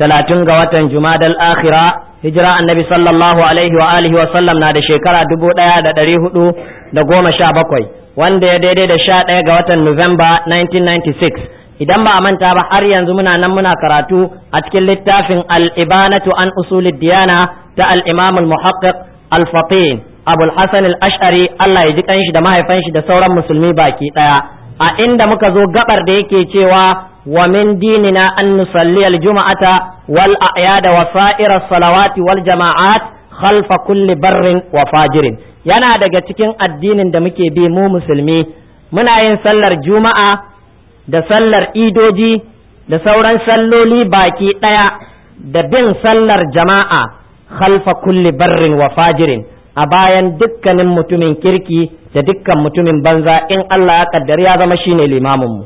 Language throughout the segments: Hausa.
talatin ga watan jumadal akhira hijira annabi sallallahu alaihi wa alihi wa sallam na da shekara dubu ɗaya da dari hudu da goma sha bakwai wanda ya daidai da sha ɗaya ga watan nuwamba 1996 idan ba a manta ba har yanzu muna nan muna karatu a cikin littafin al-ibanatu an usulid diyana ta al-imam al-muhaqqiq al-faqih abul hasan al-ash'ari Allah ya ji kanshi da mahaifan shi da sauran musulmi baki daya a inda muka zo gabar da yake cewa wa min dinina an nusalli aljuma'ata wal a'yada wa sa'ira salawati wal jama'at khalfa kulli barrin wa fajirin yana daga cikin addinin da muke bi mu musulmi muna yin sallar juma'a da sallar idoji da sauran salloli baki daya da bin sallar jama'a khalfa kulli barrin wa fajirin a bayan dukkanin mutumin kirki da dukkan mutumin banza in Allah ya kaddari ya zama shine limamin mu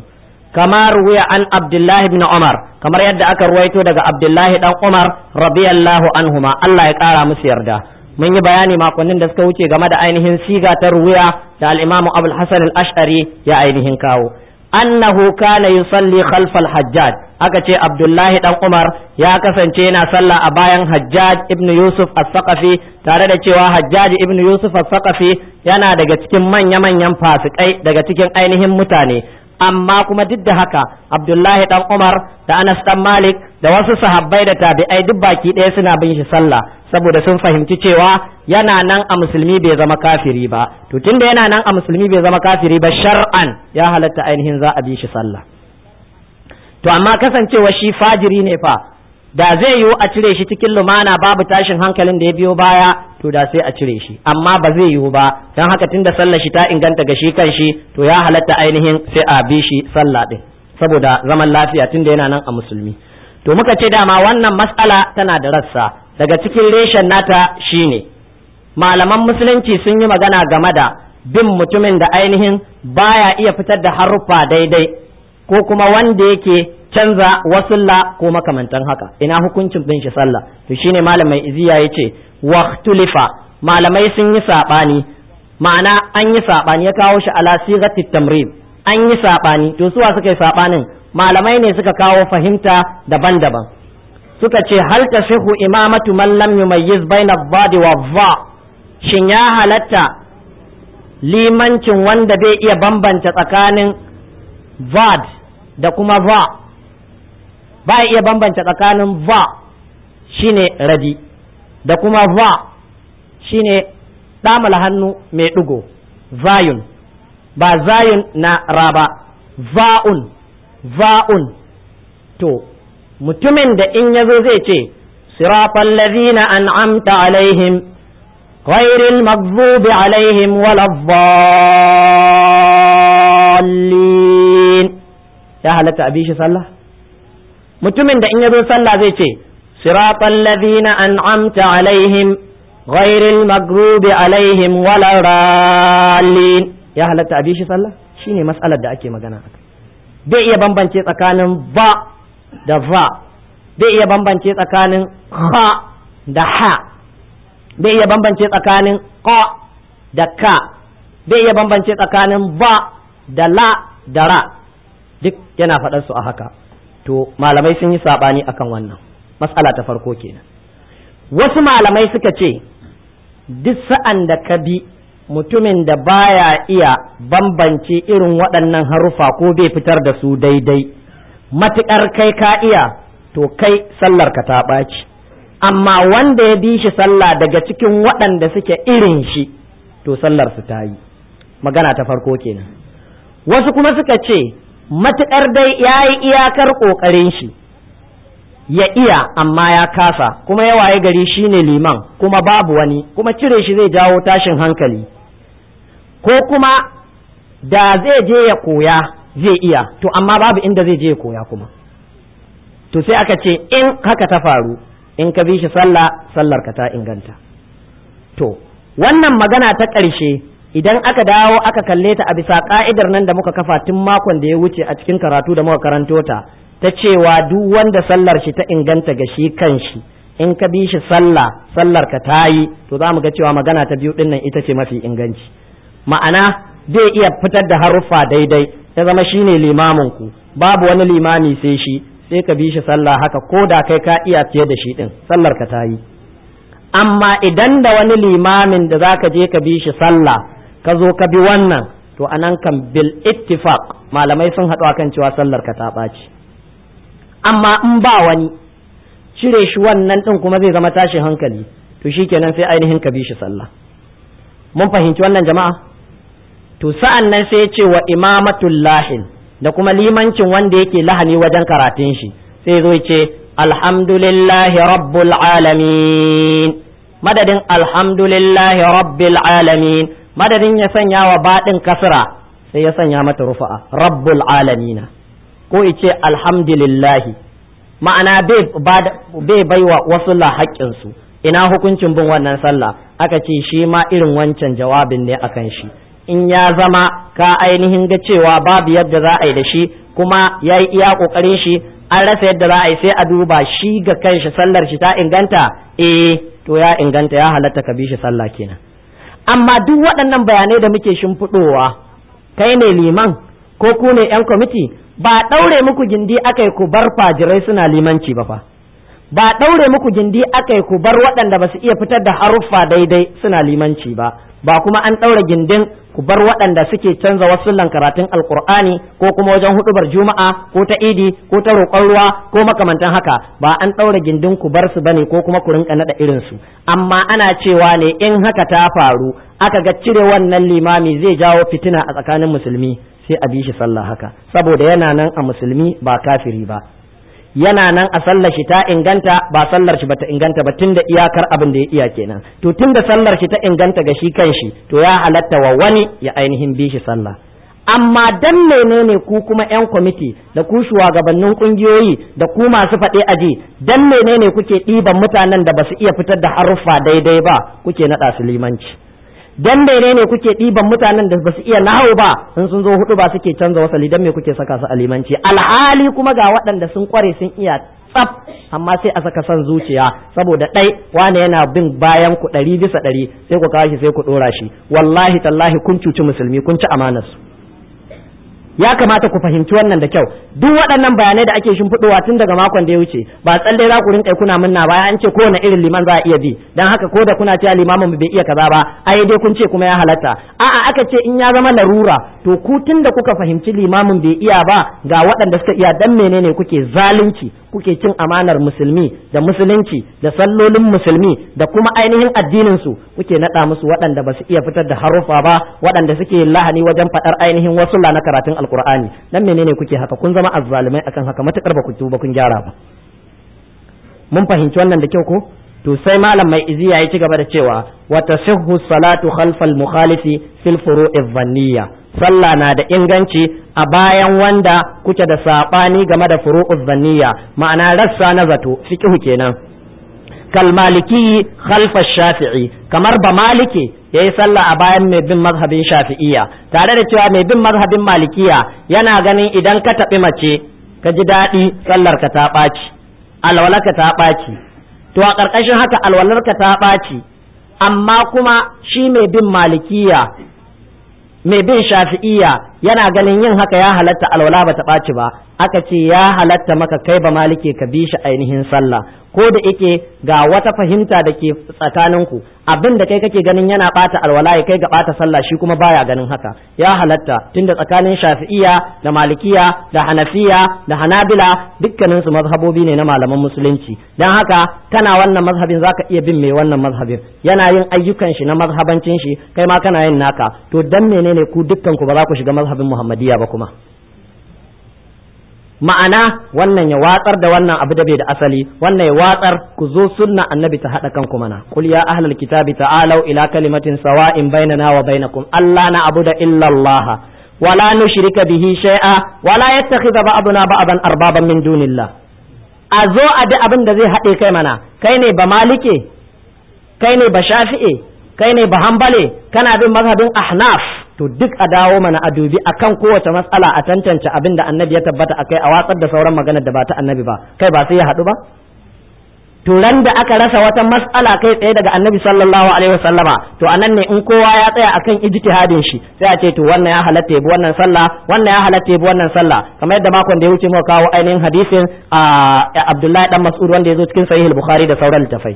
kamar ruya an Abdullahi ibn Umar kamar yadda aka ruwaito daga Abdullahi dan Umar radiyallahu anhuma Allah ya kara musu yarda mun yi bayani makonnin da suka wuce game da ainihin siga ta ruwuya da al-Imam Hasan al-Ash'ari ya ainihin kawo annahu kana yusalli khalfal hajjaj aka ce Abdullahi dan Umar ya kasance yana sallah a bayan Hajjaj ibn Yusuf as-Saqafi tare da cewa Hajjaj ibn Yusuf as-Saqafi yana daga cikin manya-manyan fasikai daga cikin ainihin mutane amma kuma duk da haka Abdullahi dan Umar da Anas dan Malik da wasu sahabbai da tabi'ai duk baki ɗaya suna bin shi sallah saboda sun fahimci cewa yana nan a musulmi bai zama kafiri ba to tunda yana nan a musulmi bai zama kafiri ba shar'an ya halatta ainihin za a bi shi sallah to amma kasancewa shi fajiri ne fa da zai yiwu a cire shi cikin lumana babu tashin hankalin da ya biyo baya to da sai a cire shi amma ba zai yiwu ba don haka tunda sallar shi ta inganta ga shi kan shi to ya halatta ainihin sai a bi shi sallah din saboda zaman lafiya tunda yana nan a musulmi to muka ce dama wannan matsala tana da rassa daga cikin reshen nata shine malaman musulunci sun yi magana game da bin mutumin da ainihin baya iya fitar da haruffa daidai ko kuma wanda yake canza wasulla ko makamantan haka ina hukuncin bin shi sallah to shine malamai iziya yace waqtulifa malamai sun yi sabani ma'ana an yi sabani ya kawo shi ala sigatit tamrid an yi sabani to suwa suka yi sabanin malamai ne suka kawo fahimta daban-daban suka ce hal ta shehu imamatu man lam yumayyiz baina dhadi wa dha shin ya halatta limancin wanda bai iya bambanta tsakanin vad da kuma va ba a iya bambanta tsakanin va shine radi da kuma va shine ɗamal hannu mai ɗigo vayun ba zayun na raba va'un va'un to mutumin da in yazo zai ce sirafan lazina an'amta alaihim غير المغضوب عليهم ولا الضالين ya halatta abin shi sallah mutumin da in ya zo sallah zai ce siratal ladina an'amta alaihim ghairil maghrubi alaihim wala ralin ya halatta abin shi sallah shine mas'alar da ake magana bai iya bambance tsakanin ba da va bai iya bambance tsakanin ha da ha bai iya bambance tsakanin ka da ka bai iya bambance tsakanin ba da la da ra duk yana faɗar su a haka to malamai sun yi saɓani akan wannan matsala ta farko kenan wasu malamai suka ce duk sa'an da ka bi mutumin da baya iya bambance irin waɗannan haruffa ko bai fitar da su daidai matuƙar kai ka iya to kai sallar ka ta ɓaci amma wanda ya bi shi sallah daga cikin waɗanda suke irin shi to sallar su ta yi magana ta farko kenan wasu kuma suka ce matuƙar dai ya yi iyakar ƙoƙarin shi ya iya amma ya kasa kuma ya waye gari ne liman kuma babu wani kuma cire shi zai jawo tashin hankali ko kuma da zai je ya koya zai iya to amma babu inda zai je ya koya kuma to sai aka ce in haka ta faru in ka bi shi sallah sallar ka ta inganta to wannan magana ta ƙarshe idan aka dawo aka kalle ta a bisa ka'idar nan da muka kafa tun makon da ya wuce a cikin karatu da muka karanto ta ta cewa duk wanda sallar shi ta inganta ga shi kanshi in ka bi shi sallah sallar ka ta yi to za mu ga cewa magana ta biyu dinnan ita ce mafi inganci ma'ana zai iya fitar da haruffa daidai ta zama shine limamin ku babu wani limami sai shi sai ka bi shi sallah haka ko da kai ka iya fiye da shi din sallar ka ta yi amma idan da wani limamin da zaka je ka bi shi sallah ka zo ka bi wannan to a nan kan bil ittifaq malamai sun haɗu akan cewa sallar ka ta ɓaci amma in ba wani cire shi wannan ɗin kuma zai zama tashin hankali to shi kenan sai ainihin ka bi shi sallah mun fahimci wannan jama'a to sa'an nan sai ya ce wa imamatul lahin da kuma limancin wanda yake lahani wajen karatun shi sai zo ce alhamdulillahi rabbul alamin madadin alhamdulillahi rabbil alamin madadin ya sanya wa baɗin kasra sai ya sanya mata rufa'a rabbul alamina ko ice alhamdulillahi ma'ana bai baiwa wasu lahaƙinsu ina hukuncin bin wannan sallah aka ce shi ma irin wancan jawabin ne akan shi in ya zama ka ainihin ga cewa babu yadda za a yi da shi kuma ya yi iya ƙoƙarin shi an rasa yadda za a yi sai a duba shi ga kanshi sallar shi ta inganta eh to ya inganta ya halatta ka bi shi sallah kenan amma duk waɗannan bayanai da muke shimfiɗowa kai ne liman ko ku ne 'yan kwamiti ba ɗaure muku gindi aka yi ku bar fajirai suna limanci ba fa ba ɗaure muku gindi aka yi ku bar waɗanda ba su iya fitar da haruffa daidai suna limanci ba ba kuma an ɗaure gindin ku bar waɗanda suke canza wasu karatun alkur'ani ko kuma wajen huɗubar juma'a ko ta idi ko ta roƙon ruwa ko makamantan haka ba an ɗaure gindin ku bar su ne ko kuma ku rinka naɗa irinsu amma ana cewa ne in haka ta faru aka ga cire wannan limami zai jawo fitina a tsakanin musulmi sai a bi shi sallah haka saboda yana nan a musulmi ba kafiri ba yana nan a sallar shi ta inganta ba sallar shi bata inganta ba tunda iyakar abin da ya iya kenan to tunda sallar shi ta inganta ga shi kanshi to ya halatta wa wani ya ainihin bi shi sallah amma dan menene ku kuma yan kwamiti da ku shugabannin kungiyoyi da ku masu faɗe aji dan menene kuke ɗiban mutanen da basu iya fitar da haruffa daidai ba kuke naɗa su limanci dan mene ne kuke ɗiban mutanen da basu iya nawo ba in sun zo hudu ba suke canza wasali dan me kuke saka su alimanci alhali kuma ga waɗanda sun kware sun iya tsaf amma sai a saka son zuciya saboda ɗai wane yana bin bayan ku ɗari bisa ɗari sai ku kawo shi sai ku ɗora shi wallahi tallahi kun cuci musulmi kun ci amanarsu. su ya kamata ku fahimci wannan da kyau duk waɗannan bayanai da ake shimfiɗowa tun daga makon da ya wuce ba tsalle za ku rinƙa kuna minna baya an ce kowane irin liman za a iya bi dan haka ko da kuna cewa limamin bai iya kaza ba ai dai kun ce kuma ya halatta a'a aka ce in ya zama larura to ku tun da kuka fahimci limamin bai iya ba ga waɗanda suka iya dan menene kuke zalunci kuke cin amanar musulmi da musulunci da sallolin musulmi da kuma ainihin addinin su kuke nada musu waɗanda ba su iya fitar da harufa ba waɗanda suke lahani wajen faɗar ainihin wasu na karatun alkur'ani dan menene kuke haka kun zama azzalumai akan haka matukar ba ku tuba kun gyara ba mun fahimci wannan da kyau ko to sai malam mai izi ya ci gaba da cewa wa tasihhu salatu khalfal mukhalifi fil furu'i dhanniya sallah na da inganci a bayan wanda kuke da saɓani game da furu'uz zanniya ma'ana rassa na zato fiqhu kenan kal maliki khalfa shafi'i kamar ba maliki yayi sallah a bayan mai bin mazhabin shafi'iyya tare da cewa mai bin mazhabin malikiya yana ganin idan ka taɓi mace ka ji daɗi sallar ka ta ɓaci ka ta ɓaci to a ƙarƙashin haka alwalar ka ta ɓaci amma kuma shi mai bin malikiya mai bin shafi'iya yana ganin yin haka ya halatta alwala ba ta ɓaci ba aka ce ya halatta maka kai ba malike ka bi shi ainihin sallah ko da yake ga wata fahimta da ke tsakaninku abin da kai kake ganin yana ɓata alwala ya kai ga ɓata sallah shi kuma baya ganin haka ya halatta tunda tsakanin shafi'iya da malikiya da hanafiya da hanabila dukkanin su mazhabobi ne na malaman musulunci dan haka kana wannan mazhabin zaka iya bin mai wannan mazhabin yana yin ayyukan shi na mazhabancin shi kai ma kana yin naka to dan menene ku dukkan ku ba za ku shiga mazhabin mazhabin Muhammadiyya ba kuma ma'ana wannan ya watsar da wannan abu da bai da asali wannan ya watsar ku zo sunna annabi ta haɗa kanku mana qul ya ahlal kitabi ta'alau ila kalimatin sawa'in bainana wa bainakum Allah na abuda illa allah wala nushrika bihi shay'a wala yattakhidha ba'duna ba'dan arbaban min dunillah a zo a bi abin da zai haɗe kai mana kai ne ba malike kai ne ba shafi'e kai ne ba Hambale kana bin mazhabin ahnaf to duk a dawo mana a dubi a kan kowace matsala a tantance abin da annabi ya tabbata a kai a watsar da sauran maganar da ba ta annabi ba kai ba sai ya haɗu ba to ran da aka rasa wata matsala kai tsaye daga annabi sallallahu alaihi wasallama to anan ne in kowa ya tsaya akan ijtihadin shi sai a ce to wannan ya halatta yabi wannan sallah wannan ya halatta yabi wannan sallah kamar yadda makon da ya wuce muka kawo ainihin hadisin Abdullahi dan Mas'ud wanda ya zo cikin sahih al-Bukhari da sauran littafai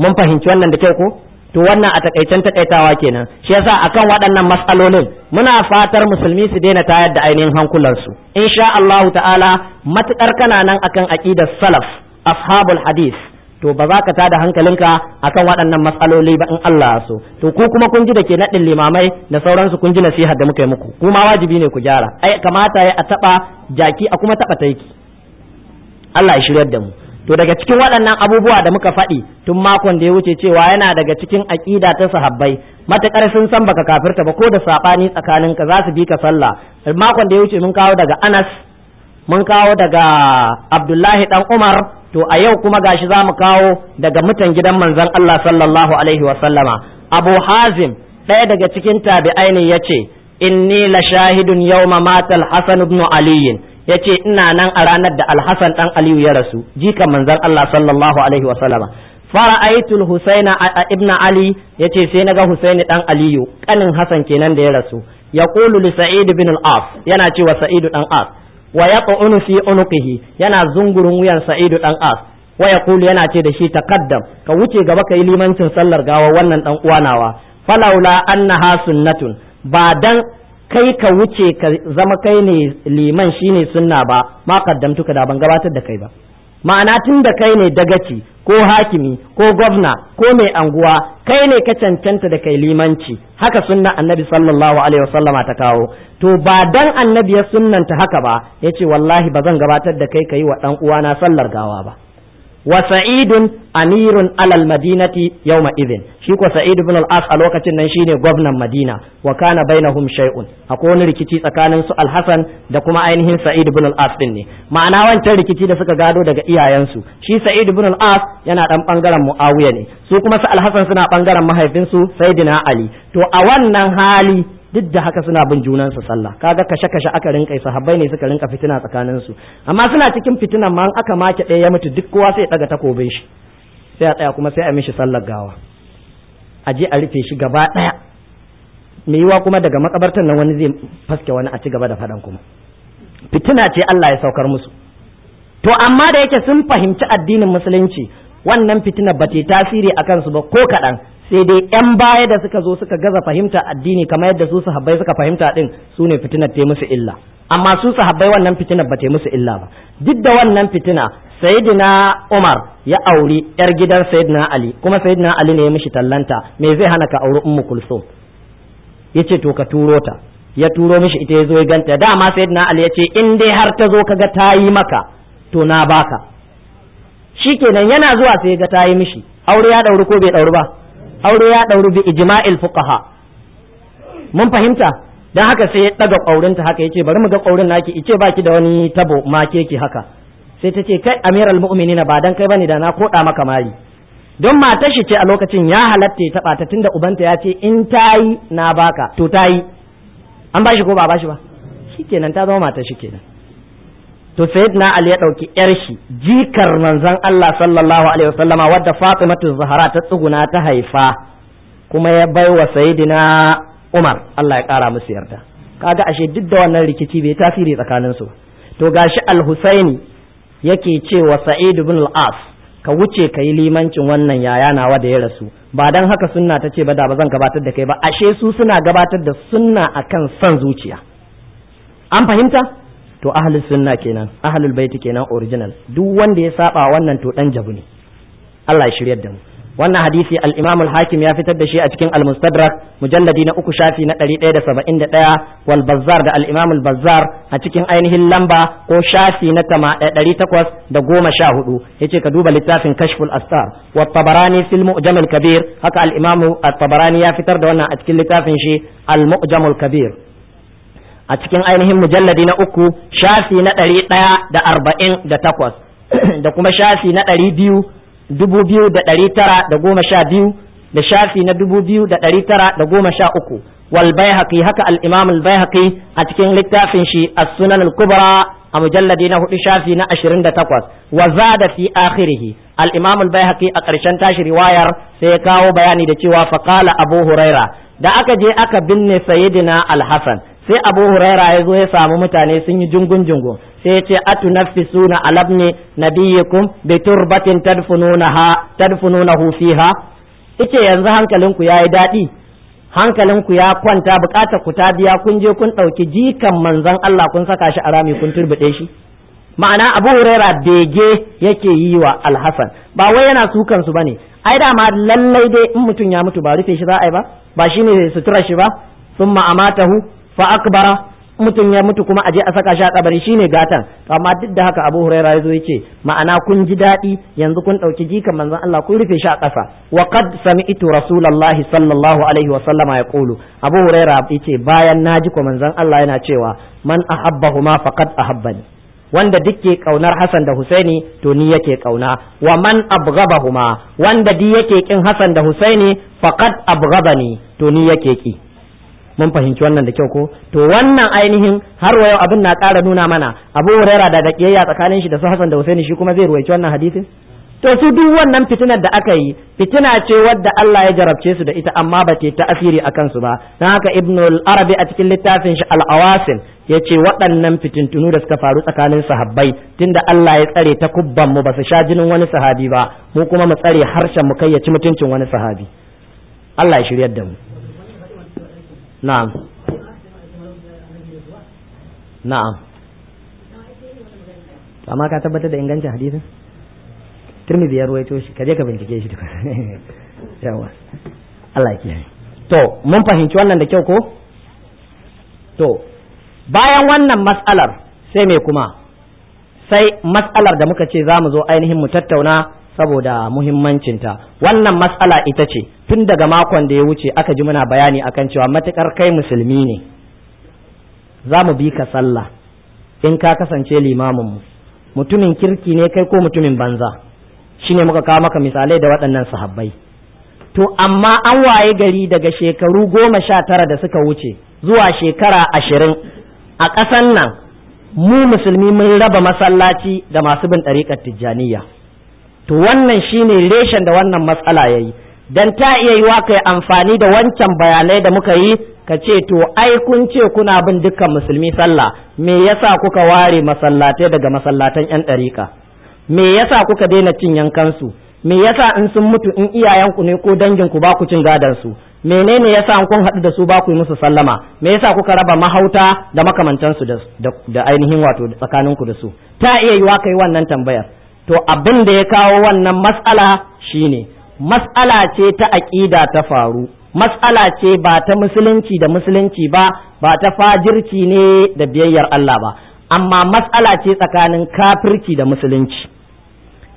mun fahimci wannan da kyau ko to wannan a takaicen takaitawa kenan shi yasa akan waɗannan matsalolin muna fatar musulmi su daina tayar da ainihin hankulansu insha Allah ta'ala matukar kana nan akan aqidar salaf ashabul Hadis, to ba za ka tada hankalinka akan waɗannan matsaloli ba in Allah so to ku kuma kun ji da ke naɗin limamai da sauransu kun ji nasiha da muka yi muku ma wajibi ne ku gyara ai kamata ya a taɓa jaki a kuma taɓa taiki Allah ya shiryar da mu to daga cikin waɗannan abubuwa da muka faɗi tun makon da ya wuce cewa yana daga cikin aƙida ta sahabbai matakar sun san baka kafirta ba ko da saɓani tsakanin ka za su bi ka sallah makon da ya wuce mun kawo daga Anas mun kawo daga Abdullahi dan Umar to a yau kuma gashi za mu kawo daga mutan gidan manzon Allah sallallahu alaihi wa sallama Abu Hazim ɗaya daga cikin tabi'ai ne yace inni la shahidun yawma matal Hasan ibn Ali ya ce ina nan a ranar da alhassan ɗan aliyu ya rasu jika manzan Allah sallallahu alaihi wa sallama fara'aitul husaina ibn ali ya ce sai ga husaini ɗan aliyu ƙanin hassan kenan da ya rasu ya ƙulu li sa'id bin al as yana cewa sa'idu ɗan As wa yaqunu fi unuqihi yana zungurin wuyan sa'idu ɗan As wa yaqulu yana ce da shi taqaddam ka wuce gaba ka yi limancin sallar gawa wannan ɗan uwa nawa falaula annaha sunnatun ba dan kai ka wuce ka zama kai ne liman shine sunna ba ma ka da ban gabatar da kai ba ma'ana tun da kai ne dagaci ko hakimi ko gwamna ko mai anguwa kai ne ka cancanta da kai limanci haka sunna annabi sallallahu alaihi wasallama ta kawo to ba dan annabi ya sunnanta haka ba yace wallahi ba zan gabatar da kai kai wa dan uwana sallar gawa ba wa sa'idun amirun alal madinati yawma idhin shi ko sa'id ibn al-as a lokacin nan shine gwamnan madina wa kana bainahum shay'un akwai wani rikici tsakanin su al-hasan da kuma ainihin sa'id ibn al-as din ne ma'ana wancan rikici da suka gado daga iyayensu shi sa'id ibn al-as yana dan bangaren muawiya ne su kuma su al-hasan suna bangaren mahaifinsu sayyidina ali to a wannan hali duk da haka suna bin junan su sallah kaga kashe kashe aka rinka yi sahabbai ne suka rinka fitina tsakanin su amma suna cikin fitinan ma aka make ɗaya ya mutu duk kowa sai ya daga takobin shi sai a tsaya kuma sai a mishi sallar gawa a je a rufe shi gaba ɗaya Me yiwa kuma daga makabartar nan wani zai faske wani a ci gaba da faɗan kuma fitina ce Allah ya saukar musu to amma da yake sun fahimci addinin musulunci wannan fitina ba ta tasiri a kansu ba ko kaɗan sai dai yan baya da suka zo suka gaza fahimta addini kamar yadda su sahabbai suka fahimta din su ne fitinar ta musu illa amma su sahabbai wannan fitinar ba ta musu illa ba duk da wannan fitina sayyidina Umar ya auri yar gidan sayyidina Ali kuma sayyidina Ali ne ya mishi tallanta me zai hana ka auri Ummu Kulsum yace to ka turo ta ya turo mishi ita yazo ya ganta dama sayyidina Ali yace in dai har ta zo kaga ta yi maka to na baka shikenan yana zuwa sai ga tayi mishi aure ya dauri ko bai dauri ba aure ya ɗauri bi ijma'il fuqaha mun fahimta dan haka sai ya daga ƙaurinta haka yace bari mu ga ƙaurin naki ice baki da wani tabo ma keke haka sai ta ce kai amiral mu'minina ba dan kai bane da na koda maka mari don matar shi ce a lokacin ya halatta ya taɓa ta tunda ubanta ya ce in tayi na baka to tayi an bashi ko ba bashi ba shikenan ta zama matar shi kenan to sayyidina ali ya dauki yar shi jikar manzon Allah sallallahu alaihi wasallama wadda fatimatu zahra ta tsuguna ta haifa kuma ya baiwa sayyidina umar Allah ya kara musu yarda kaga ashe duk da wannan rikici bai tasiri tsakanin su to gashi al-husaini yake cewa sa'id ibn al-as ka wuce ka yi limancin wannan yaya nawa da ya rasu ba dan haka sunna ta ce ba da bazan gabatar da kai ba ashe su suna gabatar da sunna akan son zuciya an fahimta to ahlus sunna kenan ahlul baiti kenan original duk wanda ya saba wannan to dan jabu ne Allah ya shiryar da mu wannan hadisi al-Imam al-Hakim ya fitar da shi a cikin al-Mustadrak mujalladi na uku shafi na 171 wal Bazzar da al-Imam al-Bazzar a cikin ainihin lamba ko shafi na 814 eh, yace ka duba littafin Kashful Astar wa Tabarani fil Mu'jam al-Kabir haka al-Imam at-Tabarani ya fitar da wannan a cikin littafin shi al-Mu'jam al-Kabir a cikin ainihin mujalladi na uku shafi na ɗari ɗaya da arba'in da takwas da kuma shafi na ɗari biyu dubu biyu da ɗari tara da goma sha biyu da shafi na dubu biyu da ɗari tara da goma sha uku wal baihaqi haka al imam al a cikin littafin shi a sunan al kubra a mujalladi na hudu shafi na ashirin da takwas wa da fi akhirih al imam al baihaqi a ƙarshen tashi riwayar sai ya kawo bayani da cewa faƙala abu huraira da aka je aka binne sayyidina al hasan sai abu huraira ya zo ya samu mutane sun yi jungun jungun sai ya ce atu suna alabni nabiyikum bi turbatin tadfununaha tadfununahu fiha ice yanzu hankalinku ya yi daɗi hankalinku ya kwanta bukatar ku ta biya kun je kun ɗauki jikan manzon Allah kun saka shi a rami kun turbide shi ma'ana abu huraira bege yake yi wa alhassan ba wai yana sukan ba ne ai dama lallai dai in mutum ya mutu ba rufe shi za a yi ba ba shine sutura shi ba sun ma'amatahu fa akbara mutum ya mutu kuma a je a saka shi a kabari shine gatan to amma duk da haka Abu Hurairah yazo yace ma'ana kun ji dadi yanzu kun dauki jikan manzon Allah kun rufe shi a kasa wa qad sami'tu rasulullahi sallallahu alaihi wa sallama yaqulu Abu Hurairah yace bayan naji ko manzon Allah yana cewa man ahabbahuma faqad ahabbani wanda duk ke kaunar Hassan da Husaini to ni yake kauna wa man abghadahuma wanda duk yake kin Hassan da Husaini faqad abghadani to ni yake ki mun fahimci wannan da kyau ko to wannan ainihin har wa abin na ƙara nuna mana Abu Huraira da da kiyayya tsakanin shi da su Hassan da Husaini shi kuma zai ruwaici wannan hadisin to su duk wannan fitinar da aka yi fitina ce wadda Allah ya jarabce su da ita amma ba ta asiri a kansu ba don haka ibnu arabi a cikin littafin shi al-awasin ya ce waɗannan fitintunu da suka faru tsakanin sahabbai tunda Allah ya tsare ta kubban mu ba su sha jinin wani sahabi ba mu kuma mu tsare harshen mu kai ya ci mutuncin wani sahabi Allah ya shiryar da mu na'am na'am amma ka tabbatar da ingancin hadisin tirmidhi ya ruwaito shi kaje ka bincike shi yawa Allah ya kiyaye to mun fahimci wannan da kyau ko to bayan wannan mas'alar sai me kuma sai mas'alar da muka ce za mu zo ainihin mu tattauna saboda muhimmancinta wannan matsala ita ce tun daga makon da ya wuce aka ji muna bayani akan cewa matukar kai musulmi ne za mu bi ka sallah in ka kasance limamin mu mutumin kirki ne kai ko mutumin banza Shi ne muka kawo maka misalai da waɗannan sahabbai to amma an waye gari daga shekaru goma sha tara da suka wuce zuwa shekara ashirin a ƙasan nan mu musulmi mun raba masallaci da masu bin ɗariƙar tijjaniya to wannan shine reshen da wannan matsala ya yi dan ta iya yi ka kai amfani da wancan bayanai da muka yi ka ce to ai kun ce kuna bin dukkan musulmi sallah me yasa kuka ware masallatai daga masallatan yan ɗarika me yasa kuka daina cin yankan su me yasa in sun mutu in iyayenku ne ko danginku ba ku cin gadansu menene yasa an kun haɗu da su ba ku yi musu sallama me yasa kuka raba mahauta da makamantansu da ainihin wato tsakaninku da su ta iya yi wa kai wannan tambayar to abin da ya kawo wannan matsala shine matsala ce ta aƙida ta faru matsala ce ba ta musulunci da musulunci ba ba ta fajirci ne da biyayyar Allah ba amma matsala ce tsakanin kafirci da musulunci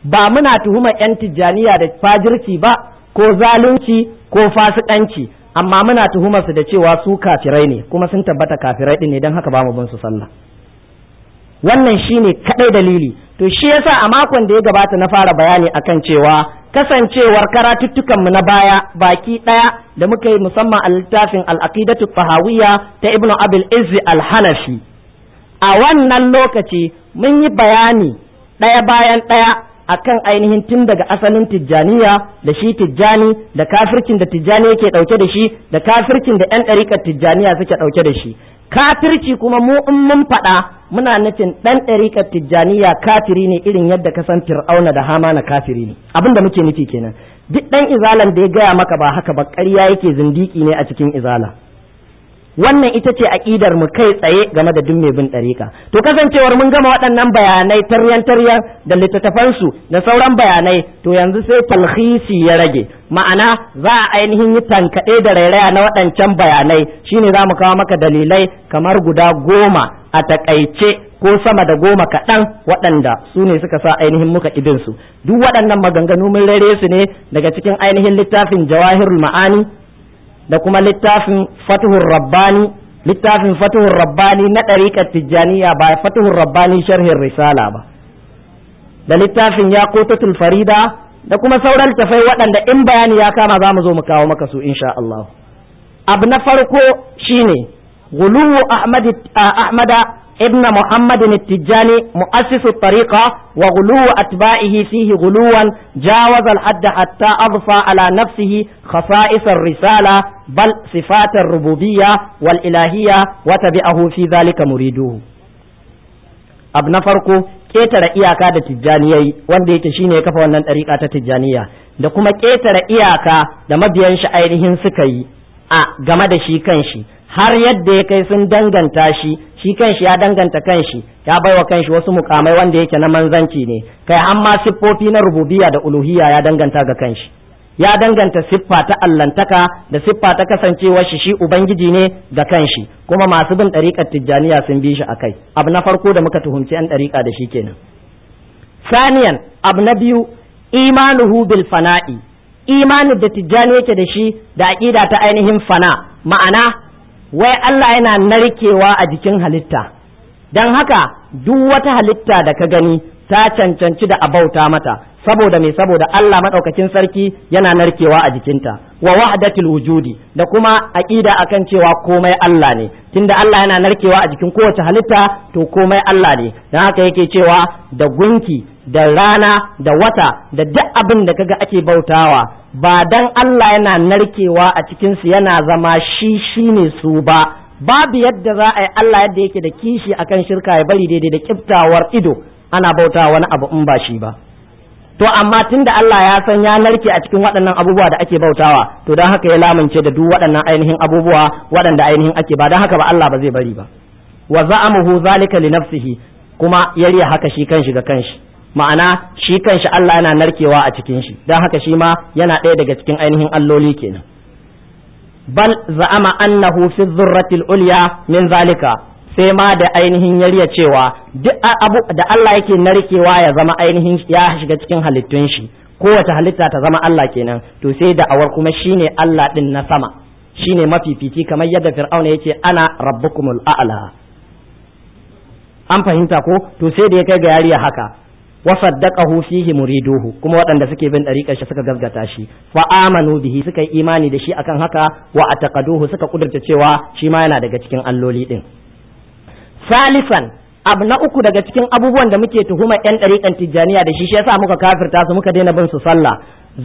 ba muna tuhumar 'yan tijjaniya da fajirci ba ko zalunci ko fasikanci amma muna tuhumar su da cewa su kafirai ne kuma sun tabbata kafirai ne don haka ba mu bin su sallah wannan shine kaɗai dalili to shi yasa a makon da ya gabata na fara bayani a kan cewa kasancewar karatuttukanmu na baya baki ɗaya da muka yi musamman a littafin al-aqidatu ta ibnu abil izzi al-hanafi a wannan lokaci mun yi bayani ɗaya bayan daya akan ainihin tun daga asalin tijjaniya da shi tijjani da kafircin da tijjani yake ɗauke da shi da kafircin da yan ɗarikar tijjaniya suke ɗauke da shi kafirci kuma mu in mun faɗa muna nufin ɗan ɗariƙar tijjaniya kafiri ne irin yadda ka san fir'auna da hama na kafiri ne abin da muke nufi kenan duk ɗan izalan da ya gaya maka ba haka ba ƙarya yake zindiki ne a cikin izala wannan ita ce aƙidar mu kai tsaye game da duk mai bin dariƙa to kasancewar mun gama waɗannan bayanai taryan taryan da littattafansu da sauran bayanai to yanzu sai talhisi ya rage ma'ana za a ainihin yi tankaɗe da rairaya na waɗancan bayanai shine za mu kawo maka dalilai kamar guda goma a taƙaice ko sama da goma kaɗan waɗanda su ne suka sa ainihin muka idinsu duk waɗannan maganganu mun rere su ne daga cikin ainihin littafin jawahirul ma'ani da kuma littafin fatuhur rabbani littafin fatuhun rabbani na ɗariƙar tijjaniya ba fatuhun rabbani sharhin risala ba da littafin ya kotatul farida da kuma sauran tafai waɗanda in bayani ya kama za mu zo mu kawo maka su insha Allah abu na farko shine guluwu ahmada ابن محمد التجاني مؤسس الطريقة وغلو أتباعه فيه غلوا جاوز الحد حتى أضفى على نفسه خصائص الرسالة بل صفات الربوبية والإلهية وتبعه في ذلك مريدوه na فرقه ƙetare iyaka da tijjaniyai wanda yake shine ya kafa wannan ɗariƙa ta tijjaniya da kuma ƙetare iyaka da mabiyan shi ainihin suka yi a game da shi kan shi har yadda ya kai sun danganta shi shi kanshi ya danganta kanshi ya baiwa kanshi wasu mukamai wanda yake na manzanci ne kai amma siffofi na rububiya da uluhiya ya danganta ga kanshi ya danganta siffa ta allantaka da siffa ta kasancewar shi shi ubangiji ne ga kanshi kuma masu bin ɗariƙar tijjaniya sun bi shi akai abu na farko da muka tuhumci an ɗariƙa da shi kenan saniyan abu na biyu imanuhu bil fana'i imanin da tijjani yake da shi da aƙida ta ainihin fana ma'ana wai Allah yana narkewa a jikin halitta don haka duk wata halitta da ka gani ta cancanci da abauta mata saboda me saboda Allah madaukakin sarki yana narkewa a jikinta wa wahdatul wujudi da kuma aqida akan cewa komai Allah ne tunda Allah yana narkewa a jikin kowace halitta to komai Allah ne dan haka yake cewa da gunki da rana da wata da duk abin da kaga ake bautawa ba dan Allah yana narkewa a cikinsu yana zama shi shi ne su ba babu yadda za a yi Allah yadda yake da kishi akan shirka ya bari daidai da kiftawar ido ana bautawa wani abu in ba shi ba to amma tunda Allah ya san ya narke a cikin waɗannan abubuwa da ake bautawa to don haka ya lamince da duk waɗannan ainihin abubuwa waɗanda ainihin ake ba don haka ba Allah ba zai bari ba wa za'amuhu zalika li nafsihi kuma yariya haka shi kan kanshi ga shi. ma'ana shi kanshi Allah yana narkewa a cikin shi don haka shi ma yana ɗaya daga cikin ainihin alloli kenan bal za'ama annahu fi dhurratil ulya min zalika sai ma da ainihin yarya cewa duk abu da Allah yake narkewa ya zama ainihin ya shiga cikin halittun shi kowace halitta ta zama Allah kenan to sai da awar kuma shine Allah din na sama shine mafifici kamar yadda fir'auna yake ana rabbukumul a'la an fahimta ko to sai da ya kai ga yariya haka wa saddaqahu fihi muriduhu kuma waɗanda suke bin ɗari shi suka gazgata shi fa amanu bihi suka yi imani da shi akan haka wa ataqaduhu suka kudurta cewa shi ma yana daga cikin alloli din salisan ab na uku daga cikin abubuwan da muke tuhuma yan ɗariƙan tijjaniya da shi shi yasa muka kafirta su muka daina bin su sallah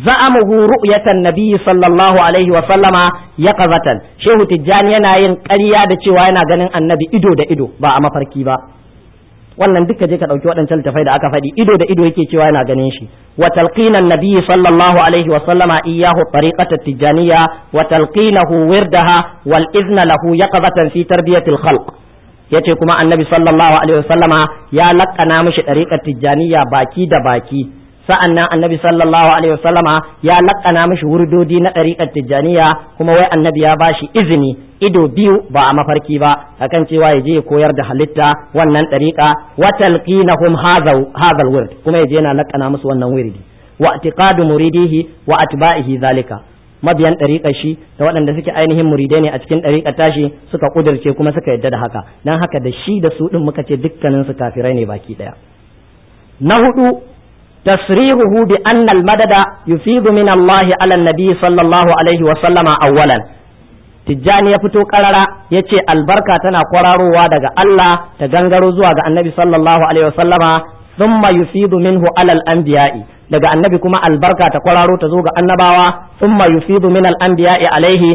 za'amuhu ru'yatan nabiyyi sallallahu alaihi wa sallama yaqazatan shehu tijjani yana yin ƙarya da cewa yana ganin annabi ido da ido ba a mafarki ba wannan duka je ka dauki waɗancan littafai da aka faɗi ido da ido yake cewa yana ganin shi wa talqinan nabiyyi sallallahu alaihi wa sallama iyyahu tariqatat tijaniyya wa talqinahu wirdaha wal izna lahu yaqzatan fi tarbiyatil khalq yace kuma annabi sallallahu alaihi wa sallama ya lakkana mishi tariqat tijaniyya baki da baki sa'an nan annabi sallallahu alaihi wasallama ya laƙana mashi wurdodi na ɗariƙar tijjaniya kuma wai annabi ya bashi izini ido biyu ba a mafarki ba akan cewa ya je ya koyar da halitta wannan ɗariƙa wa talqinahum hadhal wird kuma ya je yana laƙana musu wannan wirdi wa i'tiqadu muridihi wa atba'ihi zalika mabiyan ɗariƙar shi da waɗanda suke ainihin muridai ne a cikin ɗariƙar tashi suka ƙudurce kuma suka yadda da haka dan haka da shi da su ɗin muka ce dukkaninsu kafirai ne baki ɗaya na hudu تصريحه بأن المدد يفيد من الله على النبي صلى الله عليه وسلم tijjani ya fito karara ya ce albarka tana kwararowa daga Allah ta gangaro zuwa ga annabi sallallahu alaihi wasallama thumma yufidu minhu alal anbiya'i daga annabi kuma albarka ta kwararo ta zo ga annabawa summa yufidu min al alaihi alaihi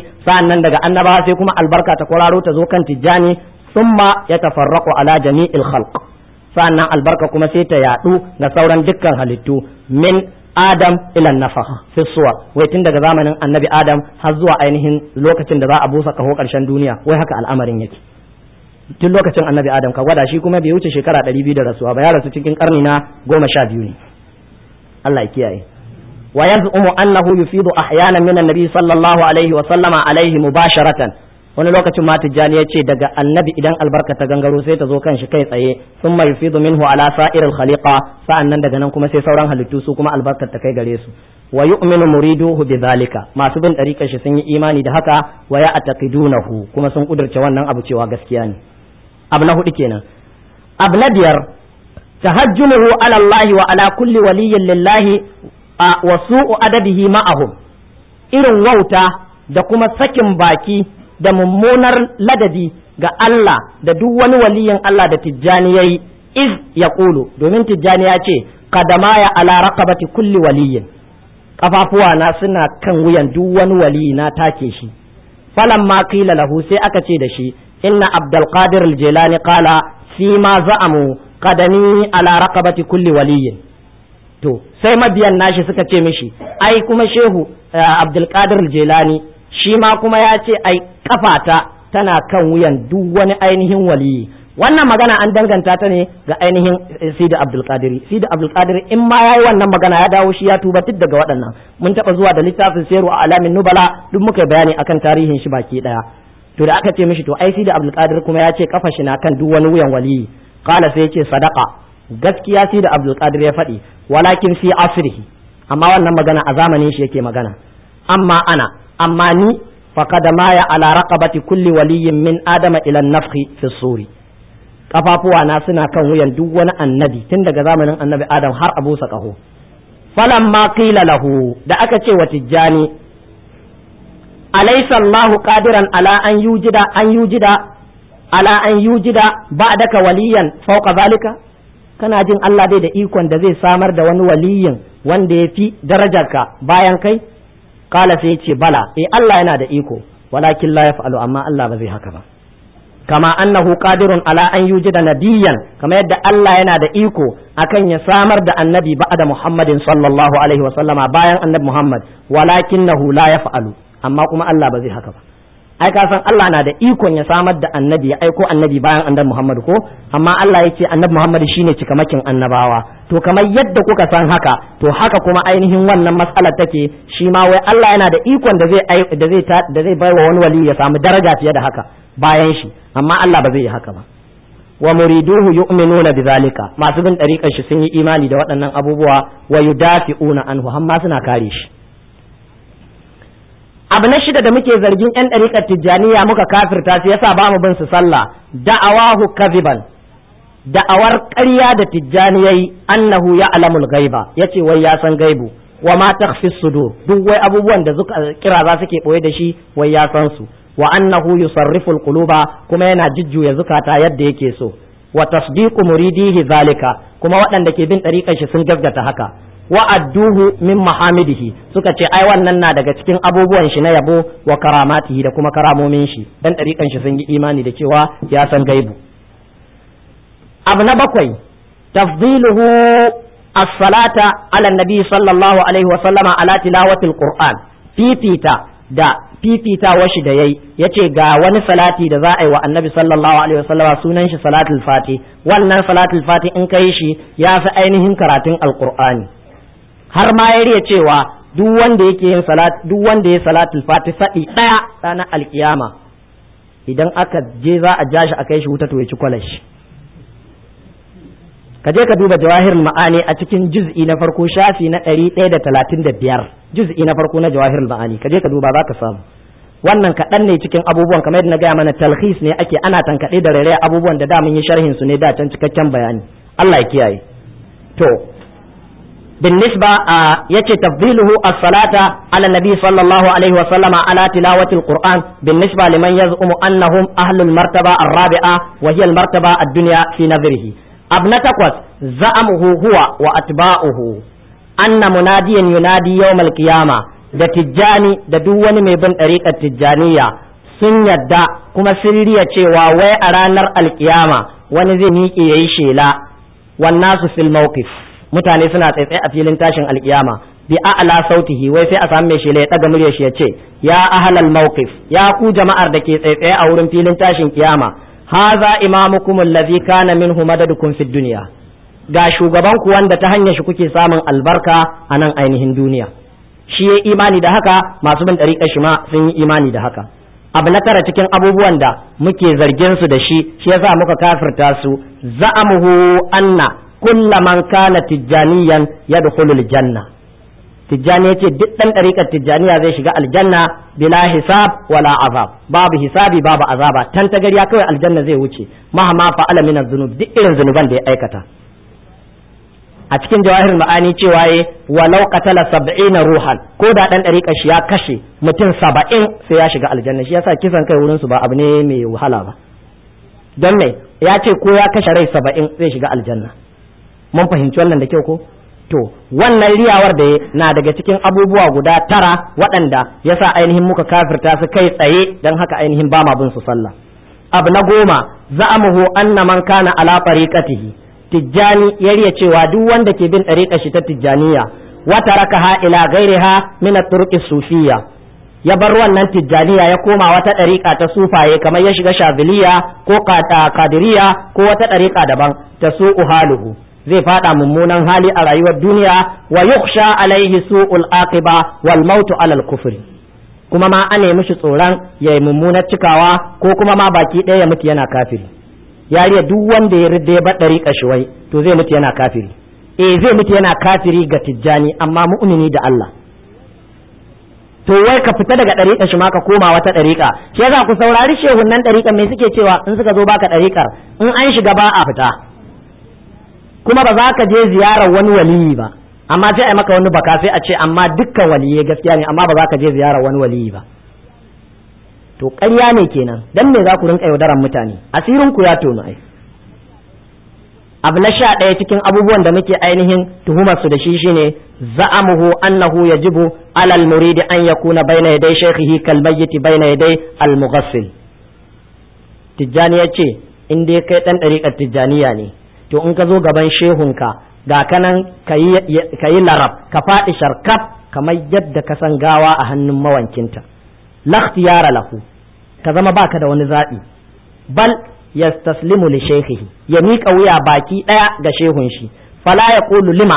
nan daga annabawa sai kuma albarka ta kwararo ta zo kan tijjani ya yatafarraqu ala jami'il khalq sannan albarka kuma sai ta yadu ga sauran dukkan halittu min Adam ilan nafaha fi wai tun daga zamanin annabi Adam har zuwa ainihin lokacin da za a busa kaho karshen duniya wai haka al'amarin yake tun lokacin annabi Adam ka gwada shi kuma bai wuce shekara biyu da rasuwa ba ya rasu cikin karni na biyu ne Allah ya kiyaye ويزعم أنه يفيض أحيانا من alaihi صلى الله عليه وسلم عليه مباشرة wani lokacin ma tijjani ya ce daga annabi idan albarka ta gangaro sai ta zo kan shi kai tsaye sun mai yufidu minhu ala sa'iril khaliqa sa'an nan daga nan kuma sai sauran halittu su kuma albarkar ta kai gare su wa yu'minu muriduhu bi zalika masu bin dariƙar shi sun yi imani da haka wa ya ataqidunahu kuma sun kudurce wannan abu cewa gaskiya ne abu na hudu kenan abu na biyar tahajjumuhu ala Allah wa ala kulli waliyyin lillahi wa su'u adadihi ma'ahum irin wauta da kuma sakin baki da mummunar ladabi ga Allah da duk wani waliyin Allah da tijjani yayi iz ya ƙulu domin tijjani ya ce ya ala raqabati kulli waliyin kafafuwa na suna kan wuyan duk wani waliyi na take shi falan ma qila lahu sai aka ce da shi inna abdul qadir al-jilani qala fi ma za'amu qadami ala raqabati kulli waliyin to sai mabiyan nashi suka ce mishi ai kuma shehu eh, abdul Jelani. shi ma kuma ya ce ai kafata tana kan wuyan duk wani ainihin waliyi wannan magana an danganta ta ne ga ainihin eh, Sidi Abdul Qadir Sidi Abdul Qadir in ma yayi wannan magana ya dawo shi ya tuba duk daga waɗannan mun taba zuwa da littafin a Alamin Nubala duk muka bayani akan tarihin shi baki daya to da aka ce mishi to ai Sidi Abdul Qadir kuma ya ce kafa shi na kan duk wani wuyan waliyi kala sai yace sadaqa gaskiya Sidi Abdul Qadir ya faɗi walakin fi asrihi amma wannan magana a zamanin shi yake magana amma ana amma ni faqad ma ya ala raqabati kulli waliyyin min adama ila an-nafhi fi suri kafafuwa na suna kan wuyan duk wani annabi tun daga zamanin annabi adam har abu sa kaho ma qila lahu da aka ce wa tijjani alaysa allahu qadiran ala an yujida an yujida ala an yujida ba'daka waliyan fawqa zalika kana jin Allah dai da ikon da zai samar da wani waliyin wanda ya fi darajarka bayan kai qala sai ce bala eh Allah yana da iko walakin la yaf'alu amma Allah ba zai haka ba kama annahu qadirun ala an yujida nabiyyan kama yadda Allah yana da iko akan ya samar da annabi ba'da Muhammadin sallallahu alaihi wa wasallama bayan annabi Muhammad walakinahu la yaf'alu amma kuma Allah ba zai haka ba ai ka san Allah na da ikon ya samar da annabi ya aiko annabi bayan annabi Muhammad ko amma Allah yake annabi Muhammad shine cikamakin annabawa to kamar yadda kuka san haka to haka kuma ainihin wannan mas'alar take shi ma wai Allah yana da ikon da zai da zai da zai baiwa wani wali ya samu daraja fiye da haka bayan shi amma Allah ba zai yi haka ba wa muriduhu yu'minuna bidhalika masu bin dariƙar shi sun yi imani da waɗannan abubuwa wa yudafi'una anhu amma suna kare shi abu na shida da muke zargin yan ɗariƙar tijjaniya muka kafirta su yasa ba mu bin su sallah da'awahu kaziban da'awar ƙarya da tijjaniyai annahu ya alamul gaiba ce wai ya san gaibu wa ma su sudur duk wai abubuwan da zuka kira za su ke ɓoye da shi wai ya san su wa annahu yusarriful quluba kuma yana jujjuya zukata yadda yake so wa tasdiqu muridihi zalika kuma waɗanda ke bin ɗariƙar shi sun gaggata haka wa adduhu min mahamidihi suka ce ai wannan na daga cikin abubuwan shi na yabo wa karamatihi da kuma karamomin shi dan dariƙan shi sun yi imani da cewa ya san gaibu abu na bakwai tafdiluhu as-salata ala nabi sallallahu alaihi wa sallama ala tilawatil qur'an fifita da fifita washi da yayi yace ga wani salati da za a yi wa annabi sallallahu alaihi sallama sunan shi salatul fati wannan salatul fati in kai shi ya fi ainihin karatun alqur'ani har ma ya riya cewa duk wanda yake yin salat duk wanda ya salatul fati sadi daya ranar alkiyama idan aka je za a jashi a kai shi wuta to ya ci kwalashi ka je ka duba jawahir ma'ani a cikin juz'i na farko shafi na ɗari ɗaya da talatin da biyar juz'i na farko na jawahir ma'ani ka je ka duba za ka samu wannan kaɗan ne cikin abubuwan kamar yadda na gaya mana talhis ne ake ana tankaɗe da rairaya abubuwan da da mun yi sharhin su ne da can cikakken bayani Allah ya kiyaye to بالنسبة آه يتي تفضيله الصلاة على النبي صلى الله عليه وسلم على تلاوة القرآن بالنسبة لمن يزعم أنهم أهل المرتبة الرابعة وهي المرتبة الدنيا في نظره أبن تقوس زعمه هو وأتباعه أن مناديا ينادي يوم القيامة da tijjani da duk wani mai bin ɗariƙar tijjaniya sun yadda kuma sun riya cewa wai a ranar alkiyama wani zai miƙe ya yi shela wannan su fil mawqif mutane suna tsaitsai a filin tashin alkiyama bi a'la sautihi wai sai a samu mai shele ya daga muryar shi ya ce ya ahlal mawqif ya ku jama'ar da ke tsaitsaye a wurin filin tashin kiyama haza imamukum allazi kana minhu madadukum fid dunya ga shugaban ku wanda ta hanyar shi kuke samun albarka a nan ainihin duniya shi ya imani da haka masu bin dariƙar shi ma sun yi imani da haka abu na tara cikin abubuwan da muke zargin su da shi shi yasa muka kafirta su za'amuhu anna kulla man kana tijjaniyan yadkhulul janna tijjani yace duk dan dariƙar tijjaniya zai shiga aljanna bila hisab wala azab babu hisabi babu azaba tan ta gariya kawai aljanna zai wuce mahama fa'ala min zunub duk irin zunuban da ya aikata a cikin jawahir ma'ani cewa ye walau qatala sab'ina ruhan ko da dan dariƙar shi ya kashe mutum saba'in sai ya shiga aljanna shi yasa kisan kai wurin su ba abu ne mai wahala ba don me ya ce ko ya kashe rai saba'in zai shiga aljanna mun fahimci wannan da kyau ko to wannan riyawar da na daga cikin abubuwa guda tara waɗanda ya sa ainihin muka kafirta su kai tsaye don haka ainihin ba ma bin su sallah abu na goma za'amuhu anna man kana ala tariqatihi tijjani yariya cewa duk wanda ke bin ɗariƙar shi ta tijjaniya wa tarakaha ila ghairiha min at-turuq sufiyya ya bar wannan tijjaniya ya koma wata ɗariƙa ta sufaye kamar ya shiga shabiliya ko kadiriya ko wata ɗariƙa daban ta su uhaluhu zai fada mummunan hali a rayuwar duniya wa yukhsha alaihi su'ul aqiba wal mautu alal kufri kuma ma an nemi shi tsoron yayi mummunar cikawa ko kuma ma baki ɗaya ya mutu yana kafiri yariya duk wanda ya rida ya baɗari kashiwai to zai mutu yana kafiri eh zai mutu yana kafiri ga tijjani amma mu'mini da Allah to wai ka fita daga ɗariƙa shi ma ka koma wata ɗariƙa shi yasa ku saurari shehun nan ɗariƙa me suke cewa in suka zo baka ɗariƙar in an shiga ba a fita kuma ba za ka je ziyarar wani waliyi ba amma sai a maka wani baka sai a ce amma dukkan waliye gaskiya ne amma ba za ka je ziyarar wani waliyi ba to ƙarya ne kenan dan me za ku rinka yaudaran mutane asirin ku ya tonu ai abu na sha ɗaya cikin abubuwan da muke ainihin tuhumar su da shi shine za'amuhu annahu yajibu alal muridi an yakuna baina yaday shaykhihi kal mayyit baina yaday al mughassil tijjani yace in dai kai dan dariƙar tijjaniya ne to in ka zo gaban shehunka ga kanan ka yi larab ka faɗi sharkaf kamar yadda ka san gawa a hannun mawankinta lakhtiyara lahu ka zama baka da wani zaɓi bal yastaslimu li shaykhihi ya miƙa wuya baki ɗaya ga shehun shi fala yaqulu lima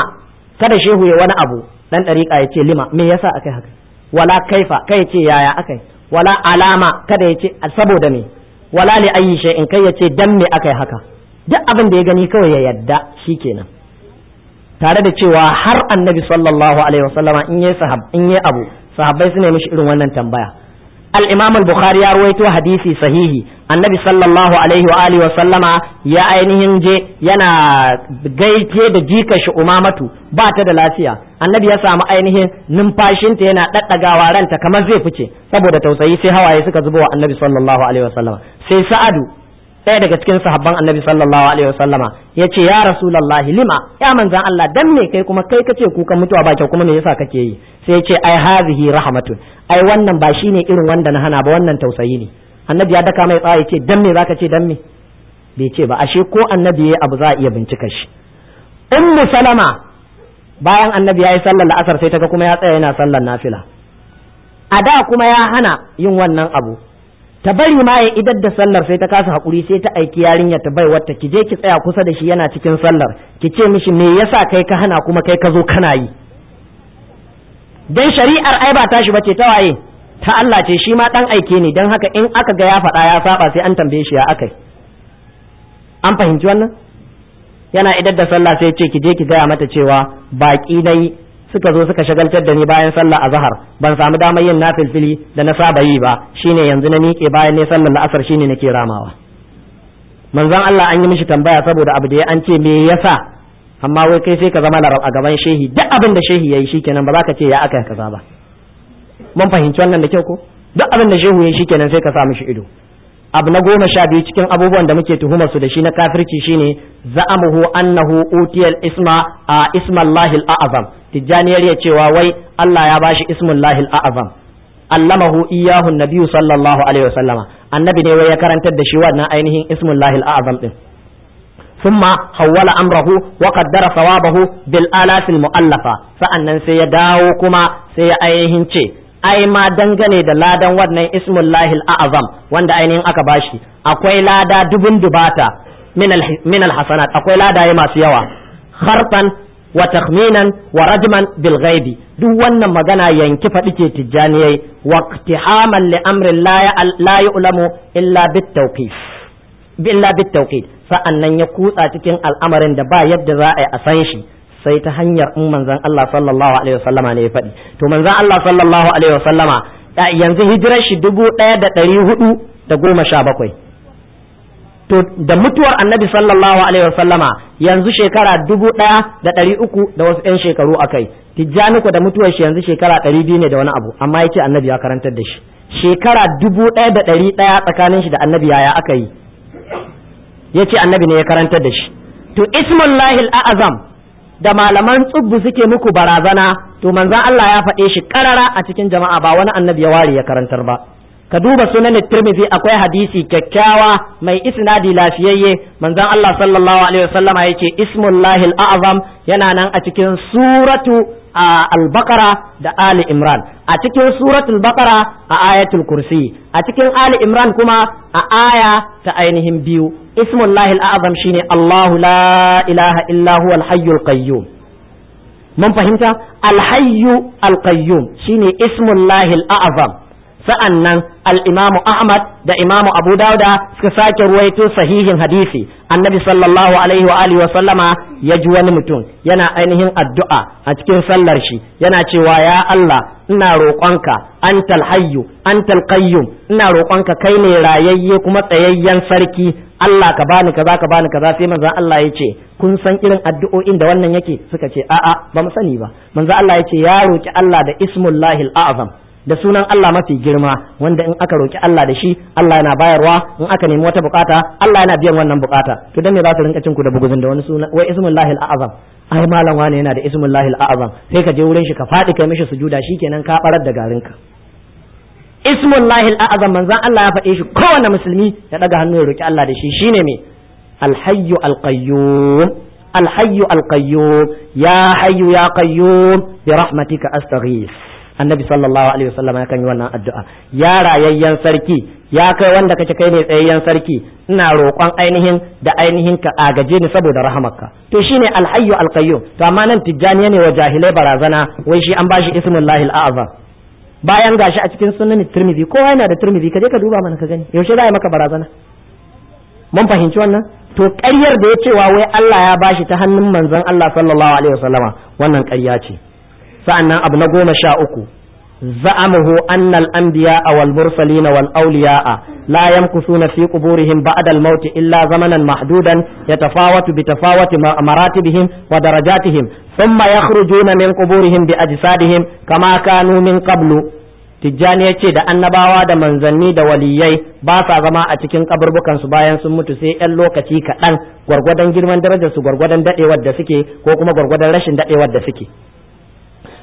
kada shehu ya wani abu dan ɗariƙa ya ce lima me yasa akai haka wala kaifa kai ce yaya akai wala alama kada ya ce saboda me wala li ayyi shay'in kai ya ce dan me akai haka duk abin da ya gani kawai ya yadda shi kenan. tare da cewa har annabi sallallahu alaihi wasallama in yayi sahab in yayi abu sahabbai su ne mishi irin wannan tambaya al-imam al-bukhari ya rawaito hadisi sahihi annabi sallallahu alaihi wa alihi wasallama ya ainihin je yana gaike da jika shi umamatu ba ta da lafiya annabi ya samu ainihin numfashinta yana daddagawa ranta kamar zai fice saboda tausayi sai hawaye suka zubo wa annabi sallallahu alaihi wa sai sa'adu ɗaya daga cikin sahabban annabi sallallahu alaihi wasallama ya ce ya rasulallah lima ya manzan Allah dan me kai kuma kai kace kuka mutuwa ba kyau kuma me yasa kake yi sai ya ce ai hazihi rahmatun ai wannan ba shine irin wanda na hana ba wannan tausayi ne annabi ya daka mai tsaya yace dan me zaka ce dan me bai ce ba ashe ko annabi yayi abu za a iya bincika shi ummu salama bayan annabi ya yi sallar la'asar sai ta ga kuma ya tsaya yana sallar nafila a da kuma ya hana yin wannan abu ta bari ma ya idar da sallar sai ta kasa hakuri sai ta aiki yarinya ta bai wata ki je ki tsaya kusa da shi yana cikin sallar ki ce mishi me yasa kai ka hana kuma kai ka zo kana yi dan shari'ar ai ba ta tashi bace ta waye ta Allah ce shi ma dan aike ne dan haka in aka ga ya faɗa ya saba sai an tambaye shi ya akai an fahimci wannan yana idar da sallah sai ce ki je ki gaya mata cewa baki nayi suka zo suka shagaltar da ni bayan sallah azhar ban samu damar yin nafilfili da na saba yi ba shine yanzu na miƙe bayan ne sallar la'asar shine nake ramawa manzon Allah an yi mishi tambaya saboda abu da ya an ce me yasa amma wai kai sai ka zama larab a gaban shehi duk abin da shehi yayi shikenan ba za ka ce ya aka kaza ba mun fahimci wannan da kyau ko duk abin da shehu yayi shikenan sai ka sa mishi ido abu na goma sha biyu cikin abubuwan da muke tuhumar su da shi na kafirci shine za'amuhu annahu utiyal isma a ismallahi al'azam tijjaniyar ya cewa wai Allah ya bashi ismullahi al'azam allamahu iyahu nabiyyu sallallahu alaihi wasallama annabi ne wai ya karantar da shi wannan ainihin ismullahi al'azam din ثم mu'allafa sa'an nan sai ya dawo kuma sai ya ainihin ce. ai ma dangane da ladan wannan ismullahil a'azam wanda ainihin aka bashi akwai lada dubun dubata min alhasanat akwai ladaye masu yawa harfan wa takminan wa rajman bil ghaibi duk wannan magana yanki faɗi ke tijjaniyai wa ihtihaman li amrin la illa bit tawqif illa bit tawqif sa'annan ya kutsa cikin al'amarin da ba yadda za a yi a san shi sai ta hanyar in manzan Allah sallallahu alaihi wasallama ne ya faɗi to manzan Allah sallallahu alaihi wasallama yanzu hijirar shi dubu ɗaya da ɗari hudu da goma sha bakwai to da mutuwar annabi sallallahu alaihi wasallama yanzu shekara dubu ɗaya da ɗari uku da wasu ɗan shekaru a kai tijjani da mutuwar shi yanzu shekara ɗari biyu ne da wani abu amma ya ce annabi ya karantar da shi shekara dubu ɗaya da ɗari ɗaya tsakanin shi da annabi yaya aka yi ya ce annabi ne ya karantar da shi to ismullahi al'azam da malaman tsubbu suke muku barazana to manzan Allah ya faɗe shi karara a cikin jama'a ba wani annabi ya ware ya karantar ba ka duba sunan Tirmidhi akwai hadisi kyakkyawa mai isnadi lafiyayye manzan Allah sallallahu alaihi wasallama yace ismullahil a'zam yana nan a cikin suratu A albakara da ali imran a cikin suratul baqara a ayatul kursi a cikin ali imran kuma a aya ta ainihin biyu ismullahi lahil azam shine allahu la ilaha illa huwal hayyul qayyum mun fahimta alhayyu alqayyum shine ismullahi azam sa'annan al-imamu ahmad da imamu abu dauda suka sake ruwaito sahihin hadisi annabi sallallahu alaihi wa alihi wa sallama ya ji wani mutum yana ainihin addu'a a cikin sallar shi yana cewa ya Allah ina roƙonka antal hayyu antal qayyum ina roƙonka kai ne rayayye kuma tsayayyen sarki Allah ka bani kaza ka bani kaza sai manzon Allah ya ce kun san irin addu'o'in da wannan yake suka ce a'a ba mu sani ba manzon Allah ya ce ya roki Allah da ismullahil a'zam da sunan Allah mafi girma wanda in aka roki Allah da shi Allah yana bayarwa in aka nemi wata bukata Allah yana biyan wannan bukata to dan ne za su rinka cin ku da buguzin da wani suna wai ismullahi al-azam ai malam wani yana da ismullahi al-azam sai ka je wurin shi ka fadi kai mishi sujuda shikenan ka barar da garinka ismullahi al-azam manzon Allah ya faɗe shi kowane musulmi ya daga hannu ya roki Allah da shi shine me al-hayyu al-qayyum الحي القيوم يا حي يا قيوم برحمتك annabi sallallahu alaihi wasallam kan yi wannan addu'a ya rayayyen sarki ya kai wanda kace kai ne tsayayyen sarki ina roƙon ainihin da ainihin ka agaje ni saboda rahamarka to shine alhayyu alqayyum to amma nan tijjaniya ne wa jahilai barazana wai shi an bashi ismullahi a'zam bayan gashi a cikin sunan tirmidhi ko yana da tirmidhi kaje ka duba mana ka gani yaushe za a maka barazana mun fahimci wannan to ƙaryar da ya cewa wai Allah ya bashi ta hannun manzon Allah sallallahu alaihi wasallama wannan ƙarya ce sa’annan abu na goma sha uku za'a za'amuhu annal anbiya wal mursalina wal awliya'a la yamkusuna fi quburihim ba'da al mawt illa zamanan mahdudan yatafawatu bi tafawati maratibihim wa darajatihim thumma yakhrujuna min quburihim bi ajsadihim kama kanu min qablu tijani yace da annabawa da manzanni da waliyai ba sa zama a cikin kaburbukan bayan sun mutu sai yan lokaci kaɗan gwargwadon girman darajarsu su daɗewar dadewar da suke ko kuma gwargwadon rashin daɗewar da suke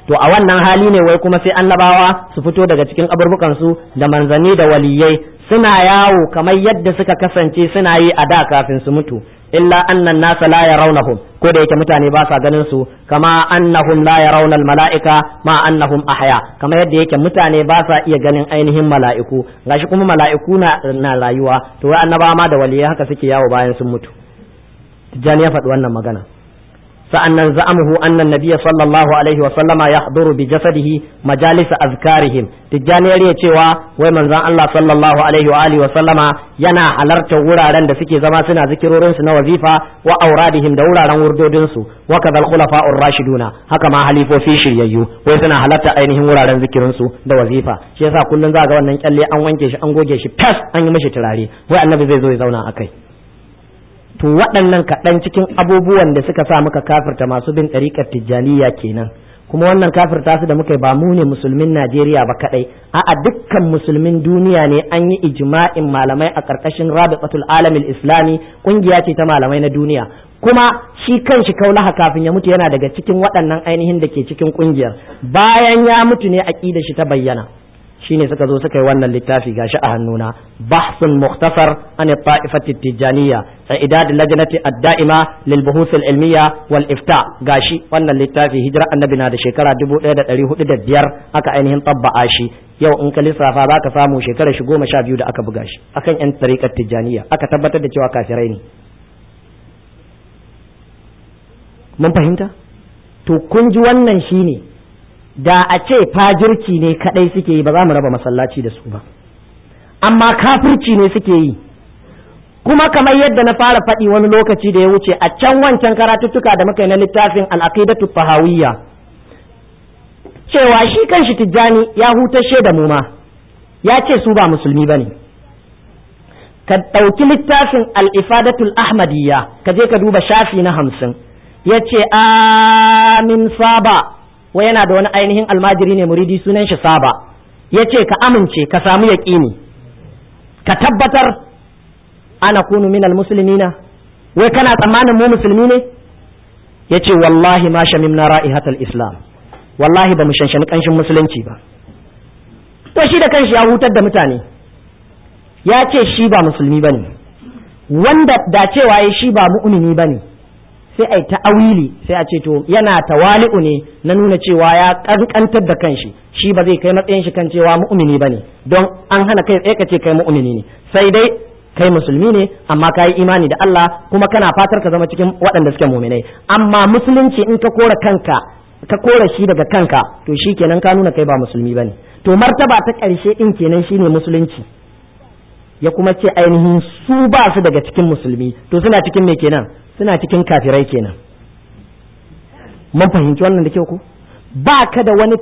to a wannan hali ne wai kuma sai annabawa su fito daga cikin kaburbukan da manzanni da waliyai suna yawo kamar yadda suka kasance suna yi a da kafin su mutu illa annan nasa la yarawnahum ko da yake mutane ba sa ganin su kama annahum la yarawna al malaika ma annahum ahya kama yadda yake mutane ba sa iya ganin ainihin mala'iku gashi kuma mala'iku na na rayuwa to wai annabawa ma da waliyai haka suke yawo bayan sun mutu Tijjani ya faɗi wannan magana sa'annan za'amuhu annan nabiyya sallallahu alaihi wa sallama yahduru bi jasadihi majalis azkarihim janiyar ya cewa wai manzon Allah sallallahu alaihi wa alihi wa sallama yana halartar wuraren da suke zama suna zikirorin su na wazifa wa auradihim da wuraren wurdodinsu su wa kadhal khulafa'ur rashiduna haka ma halifofi shiryayyu wai suna halarta ainihin wuraren zikirinsu da wazifa shi yasa kullum za ga wannan kyalle an wanke shi an goge shi fas an yi mishi turare wai annabi zai zo ya zauna akai to waɗannan kaɗan cikin abubuwan da suka sa muka kafirta masu bin ɗariƙar tijjaniya kenan kuma wannan kafirta su da muka ba mu ne musulmin Najeriya ba kaɗai a'a dukkan musulmin duniya ne an yi ijma'in malamai a ƙarƙashin Rabi'atul Alamil Islami ƙungiya ce ta malamai na duniya kuma shi kan shi kaulaha kafin ya mutu yana daga cikin waɗannan ainihin da ke cikin ƙungiyar bayan ya mutu ne aƙidar shi ta bayyana shine suka zo suka yi wannan littafi gashi a hannuna bahsun mukhtasar an ta'ifati tijaniyya i'dad lajnati ad-da'ima lil buhuth al-ilmiyya wal ifta gashi wannan littafi hijira annabi na da shekara 1405 aka ainihin tabba'a shi yau in ka lissafa zaka samu shekarar shi goma sha biyu da aka buga shi akan yan tariqat tijaniyya aka tabbatar da cewa kafirai ne mun fahimta to kun ji wannan shine da a ce fajirci ne kadai suke yi ba za mu raba masallaci da su ba amma kafirci ne suke yi kuma kamar yadda na fara faɗi wani lokaci da ya wuce a can wancan karatuttuka da muka yi na littafin al'aqidatu fahawiyya cewa shi kanshi tijjani ya hutashe da mu ma ya ce su ba musulmi bane ka ɗauki littafin al'ifadatul ahmadiyya ka je ka duba shafi na hamsin ya ce amin saba wai yana da wani ainihin almajiri ne muridi sunan shi saba yace ka amince ka samu yaqini ka tabbatar ana kunu minal na wai kana tsammanin mu musulmi ne yace wallahi ma shamimna ra'ihatal islam wallahi ba mu shanshani kanshin musulunci ba to shi da kanshi ya hutar da mutane ya ce shi ba musulmi bane wanda da cewa shi ba mu'mini bane sai a yi ta'awili sai a ce to yana tawali'u ne na nuna cewa ya kankantar da kanshi shi ba zai kai matsayin shi kan cewa mu'mini bane don an hana kai tsaye ka ce kai mu'mini ne sai dai kai musulmi ne amma ka yi imani da Allah kuma kana fatar ka zama cikin waɗanda suke mu'minai amma musulunci in ka kora kanka ka kora shi daga kanka to shikenan ka nuna kai ba musulmi bane to martaba ta ƙarshe din kenan shine musulunci ya kuma ce ainihin su ba su daga cikin musulmi to suna cikin me kenan suna cikin kafirai kenan mun fahimci wannan da ke ku ba ka da wani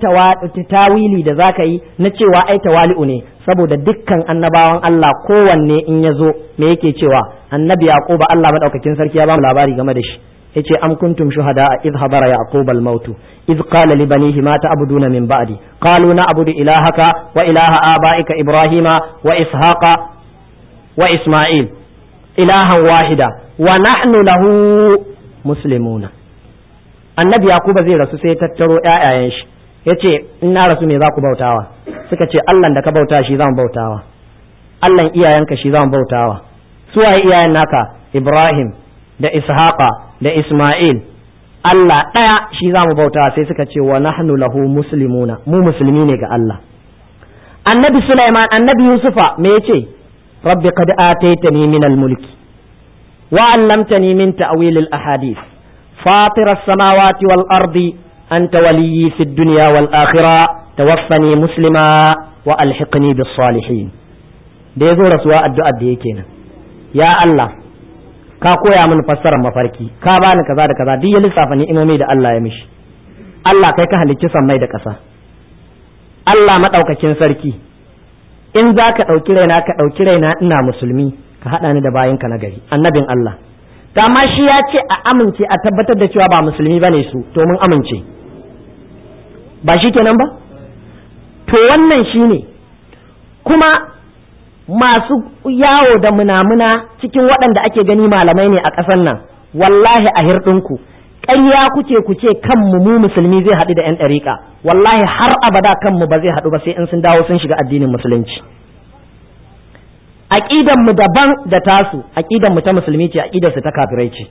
tawili da za ka yi na cewa ai tawali'u ne saboda dukkan annabawan Allah kowanne in ya zo me yake cewa annabi yaquba Allah madaukakin sarki ya ba mu labari game da shi yace am kuntum shuhada idh habara yaqub al maut idh qala li banihi ma ta'buduna min ba'di qalu na'budu ilahaka wa ilaha abaika ibrahima wa ishaqa wa Isma'il ilahan wahida wa nahnu lahu muslimuna annabi yakuba zai rasu sai tattaro ƴaƴayen shi yace in na rasu me za ku bautawa suka ce Allah da ka bauta shi zan bautawa Allah iyayenka shi zan bautawa suwaye iyayen naka Ibrahim da Ishaqa da Isma'il Allah ɗaya shi za mu bauta sai suka ce wa nahnu lahu muslimuna mu musulmi ne ga Allah annabi Sulaiman annabi Yusufa me yace ربي قد آتيتني من الملك وعلمتني من تأويل الأحاديث فاطر السماوات والأرض أنت ولي في الدنيا والآخرة توفني مسلما وألحقني بالصالحين بيذو رسواء الدعاء ديكينا يا الله ka koya mun fassarar mafarki ka bani kaza da kaza duk ya lissafa ni imami da Allah ya mishi Allah kai ka halicci sammai da ƙasa Allah in za ka ɗauki raina ka ɗauki raina ina musulmi ka haɗa ni da bayanka na gari annabin Allah ta ma shi ya ce a amince a tabbatar da cewa ba musulmi ba ne su to mun amince ba shi kenan ba to wannan shi ne kuma masu yawo da munamuna cikin waɗanda ake gani malamai ne a ƙasar nan wallahi a hirɗinku ƙarya kuke kuke kan kanmu mu musulmi zai haɗu da 'yan ɗariƙa wallahi har abada kanmu ba zai haɗu ba sai in sun dawo sun shiga addinin musulunci mu daban da tasu mu ta musulmi ce su ta kafirai ce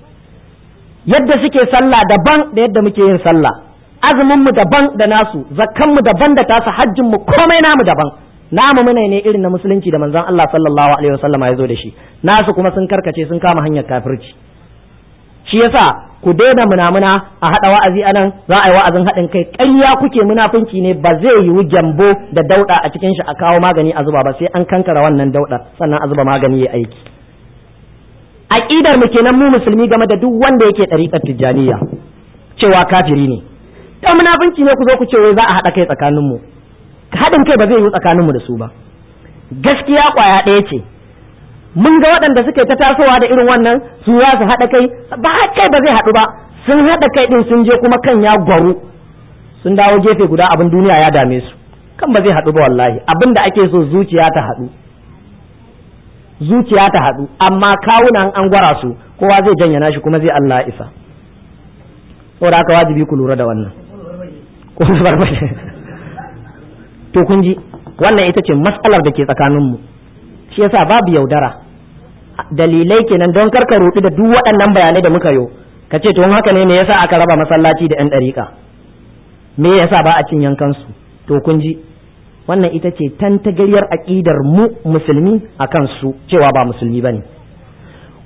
yadda suke sallah daban da yadda muke yin sallah azuminmu daban da nasu zakkanmu daban da tasu hajjin mu komai namu daban namu muna ne irin na musulunci da manzon Allah sallallahu alaihi wasallam ya zo da shi nasu kuma sun karkace sun kama hanyar kafirci shi yasa ku daina munamuna a haɗa wa'azi anan za a yi wa'azin haɗin kai ƙarya kuke munafunci ne ba zai yiwu gyambo da dauɗa a cikin shi a kawo magani a zuba ba sai an kankara wannan dauɗa sannan a zuba magani ya aiki aqidar mu kenan mu musulmi game da duk wanda yake ɗariƙar tijjaniya cewa kafiri ne ɗan munafunci ne ku zo ku ce wai za a haɗa kai tsakaninmu haɗin kai ba zai yiwu tsakaninmu da su ba gaskiya ƙwaya ɗaya ce mun ga waɗanda suke ta tasowa da irin wannan su za su haɗa kai ba kai ba zai haɗu ba sun haɗa kai ɗin sun je kuma kan ya gwaru sun dawo gefe guda abin duniya ya dame su kan ba zai haɗu ba wallahi abin da ake so zuciya ta haɗu zuciya ta haɗu amma kawunan an gwara su kowa zai janyana shi kuma zai Allah isa saboda haka wajibi ku lura da wannan ko to kun ji wannan ita ce matsalar da ke tsakaninmu mu shi yasa babu yaudara dalilai kenan don karka rubi da duk waɗannan bayanai da muka yo ka ce to haka ne me yasa aka raba masallaci da 'yan ɗariƙa me yasa ba a cin yankansu to kun ji wannan ita ce tantagaryar aƙidar mu musulmi a kansu cewa ba musulmi ba ne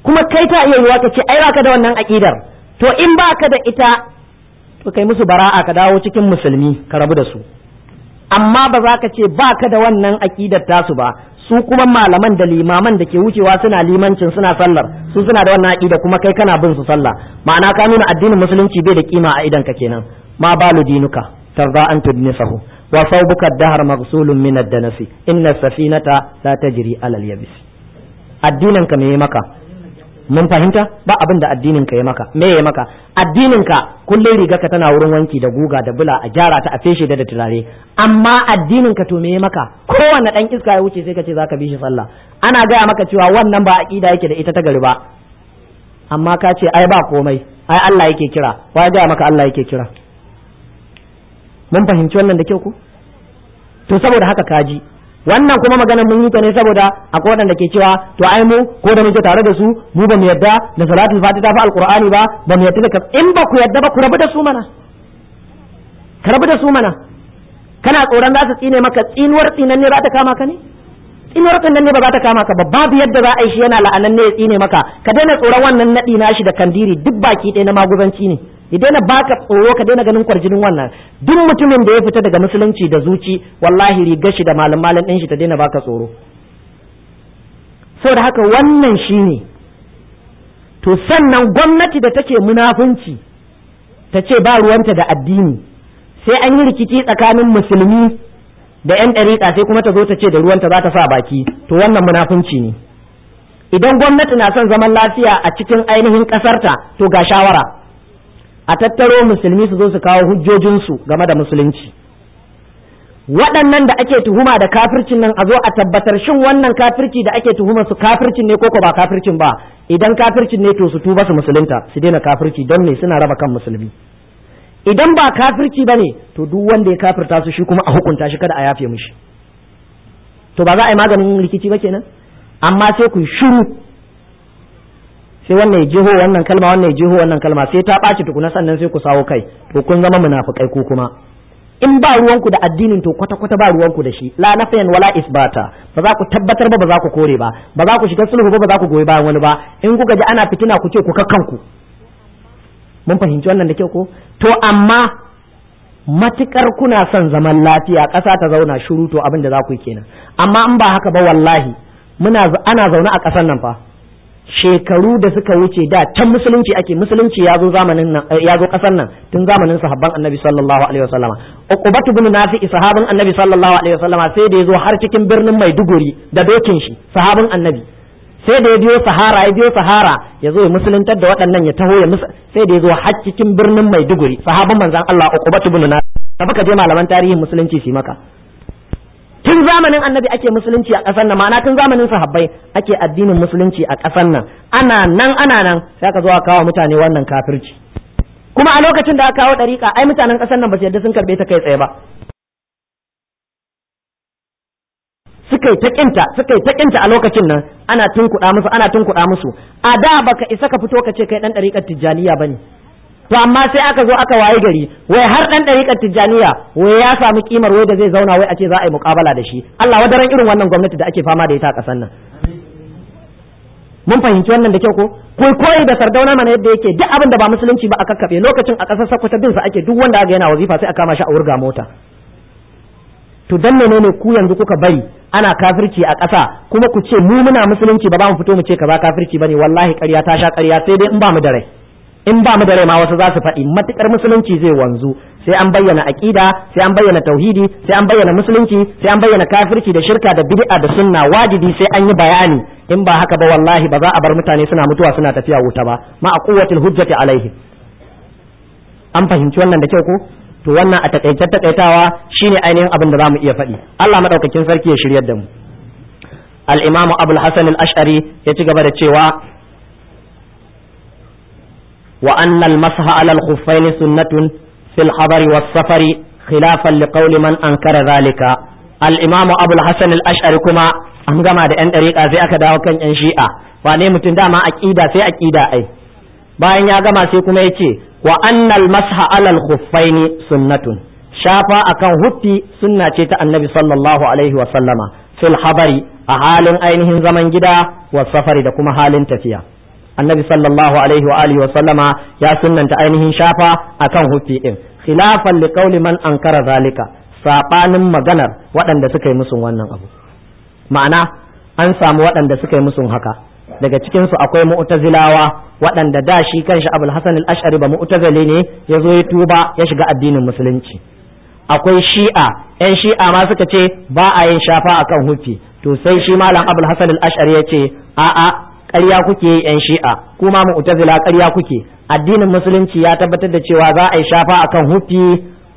kuma kai ta iya yiwa ka ce ai baka da wannan aƙidar to in baka da ita to kai musu bara'a ka dawo cikin musulmi ka rabu da su amma ba za ka ce baka da wannan aƙidar tasu ba su kuma malaman da limaman da ke wucewa suna limancin suna sallar su suna da wannan aqida kuma kai kana bin su sallah ma'ana ka nuna addinin musulunci bai da kima a idan ka kenan ma balu dinuka tarza an tudnisahu wa sawbuka dahar maghsulun min ad-danasi inna safinata la tajri ala al-yabis addinin ka me maka mun fahimta ba abin da addinin ka ya maka me ya maka addinin ka kullum riga ka tana wurin wanki da guga da bula a gyara ta a feshe da da turare amma addinin ka to me ya maka kowanne dan iska ya wuce sai ka ce zaka bi shi sallah ana gaya maka cewa wannan ba aqida yake da ita ta gari ba amma ka ce ai ba komai ai Allah yake kira wa ya gaya maka Allah yake kira mun fahimci wannan da kyau ko to saboda haka kaji wannan kuma magana mun yi ta ne saboda a akwai da ke cewa to ai mu ko da muke tare da su mu ba mu yadda da salatul fatiha fa alqur'ani ba ba mu yadda da in ba ku yadda ba ku rabu da su mana ka rabu da su mana kana tsoron za su tsine maka tsinuwar tsinan ne za ta kama ka ne tsinuwar tsinan ne ba za ta kama ka ba babu yadda za a yi shi yana la'anan ne ya tsine maka ka daina tsoron wannan naɗi nashi da kandiri duk baki ɗaya na maguzanci ne ya daina baka tsoro ka daina ganin kwarjinin wannan duk mutumin da ya fita daga musulunci da zuci wallahi riga shi da malam malam ɗin shi ta daina baka tsoro saboda haka wannan shine to sannan gwamnati da take munafunci ta ce ba ruwanta da addini sai an yi rikici tsakanin musulmi da 'yan ɗariƙa sai kuma ta zo ta ce da ruwanta za ta sa baki to wannan munafunci ne idan gwamnati na son zaman lafiya a cikin ainihin ƙasarta to ga shawara a tattaro musulmi su zo su kawo hujjojinsu game da musulunci waɗannan da ake tuhuma da kafircin nan a zo a tabbatar shin wannan kafirci da ake tuhuma su kafircin ne koko ba kafircin ba idan kafircin ne to su tuba su musulunta su daina kafirci don ne suna raba kan musulmi idan ba kafirci ba ne to duk wanda ya kafirta su shi kuma a hukunta shi kada a yafe mishi to ba za a yi maganin rikici ba kenan amma sai ku shiru sai wannan ya jeho wannan kalma wannan ya jiho wannan kalma sai ta ɓaci tukuna sannan sai ku sawo kai to kun zama munafukai ku kuma in ba ruwanku da addinin to kwata kwata ba ruwanku da shi la nafayan wala isbata ba za ku tabbatar ba ba za ku kore ba ba za ku shiga sulhu ba ba za ku goyi bayan wani ba in kuka ji ana fitina ku ce ku kakkanku mun fahimci wannan da kyau ko to amma matukar kuna son zaman lafiya ƙasa ta zauna shiru to abin da za ku yi kenan amma in ba haka ba wallahi muna ana zaune a ƙasar nan fa shekaru da suka wuce da can musulunci ake musulunci ya zo zamanin nan eh, ya zo kasar nan tun zamanin sahabban annabi sallallahu alaihi wasallam uqbatu bin nafi sahabin annabi sallallahu alaihi wasallam sai da ya zo har cikin birnin maiduguri da dokin shi sahabin annabi sai da ya biyo sahara ya biyo sahara ya zo ya musuluntar da waɗannan ya taho ya sai da ya zo har cikin birnin maiduguri sahabin manzon Allah uqbatu bin nafi ka je malaman tarihin musulunci su maka tun zamanin annabi ake musulunci a ƙasar nan ma'ana tun zamanin sahabbai ake addinin musulunci a ƙasar nan ana nan ana nan sai aka zo a kawo mutane wannan kafirci kuma a lokacin da aka kawo ɗariƙa ai mutanen ƙasar nan ba su yadda sun karɓe ta kai tsaye ba suka yi suka yi a lokacin nan ana tunkuɗa musu ana tunkuɗa musu a da baka isa ka fito ka ce kai ɗan ɗariƙar tijjaniya ba ne. to amma sai aka zo aka waye gari wai har dan dariƙar tijjaniya wai ya samu kimar wai da zai zauna wai a ce za a yi muƙabala da shi Allah wadaran irin wannan gwamnati da ake fama da ita a ƙasar nan mun fahimci wannan da kyau ko ko koyi da sardauna mana yadda yake duk abin da ba musulunci ba a kafe lokacin a ƙasar Sokoto bin sa ake duk wanda aka yana wazifa sai a kama shi a wurga mota to dan ne ne ku yanzu kuka bari ana kafirci a ƙasa kuma ku ce mu muna musulunci ba za mu fito mu ce kaza kafirci bane wallahi ƙarya ta sha ƙarya sai dai in ba mu da rai in ba mu da rai ma wasu za su faɗi matukar musulunci zai wanzu sai an bayyana aƙida sai an bayyana tauhidi sai an bayyana musulunci sai an bayyana kafirci da shirka da bid'a da sunna wajibi sai an yi bayani in ba haka ba wallahi ba za a bar mutane suna mutuwa suna tafiya wuta ba ma a quwwatil hujjati alaihi an fahimci wannan da kyau ko to wannan a takaice takaitawa shine ainihin abin da za mu iya faɗi Allah madaukakin sarki ya shiryar da mu al-imamu abul hasan al-ash'ari ya ci gaba da cewa وأن المسح على الخفين سنة في الحضر والسفر خلافا لقول من أنكر ذلك الإمام أبو الحسن الأشعري كما an gama da yan ɗariƙa sai aka dawo kan yan shi'a wane mutum dama aƙida sai aƙida ai bayan ya gama sai kuma ya ce annal masha alal khuffaini sunnatun shafa akan huffi sunna ce ta annabi sallallahu alaihi wa sallama fil habari a halin ainihin zaman gida wa safari da kuma halin tafiya annabi sallallahu alaihi wa alihi wa sallama ya sunnanta ainihin shafa akan huffi din khilafan liqauli man ankara zalika sabanin maganar waɗanda suka yi musun wannan abu ma'ana an samu waɗanda suka yi musun haka daga cikin su akwai mu'tazilawa waɗanda da shi kanshi abul hasan al-ash'ari ba mu'tazili ne ya zo ya tuba ya shiga addinin musulunci akwai shi'a yan shi'a ma suka ce ba a yin shafa akan hufi to sai shi malam abul hasan al-ash'ari ya ce a'a ƙarya kuke yan shi'a kuma mu utazila ƙarya kuke addinin musulunci ya tabbatar da cewa za a yi shafa akan hufi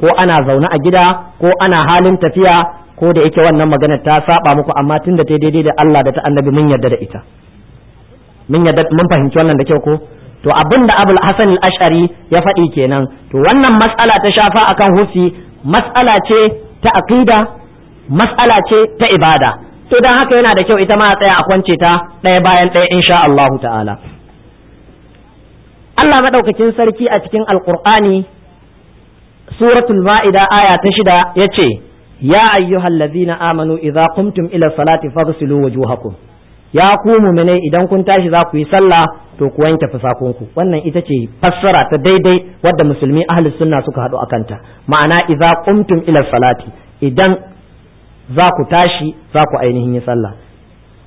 ko ana zaune a gida ko ana halin tafiya ko da yake wannan maganar ta saba muku amma tunda ta daidai da Allah da ta annabi mun yarda da ita mun yarda mun fahimci wannan da kyau ko to abinda abul hasan al-ash'ari ya faɗi kenan to wannan mas'ala ta shafa akan hufi mas'ala ce ta aqida mas'ala ce ta ibada to dan haka yana da kyau ita ma a tsaya a kwance ta ɗaya bayan ɗaya insha Allah ta'ala Allah madaukakin sarki a cikin alqur'ani suratul ma'ida aya ta shida yace ya ayyuhal na amanu idza qumtum ila salati faghsilu wujuhakum ya ku mu'mine idan kun tashi za ku yi sallah to ku wanke fusakunku wannan ita ce fassara ta daidai wadda musulmi ahlus sunna suka haɗu akanta ma'ana idza qumtum ila salati idan za ku tashi za ku ainihin yi sallah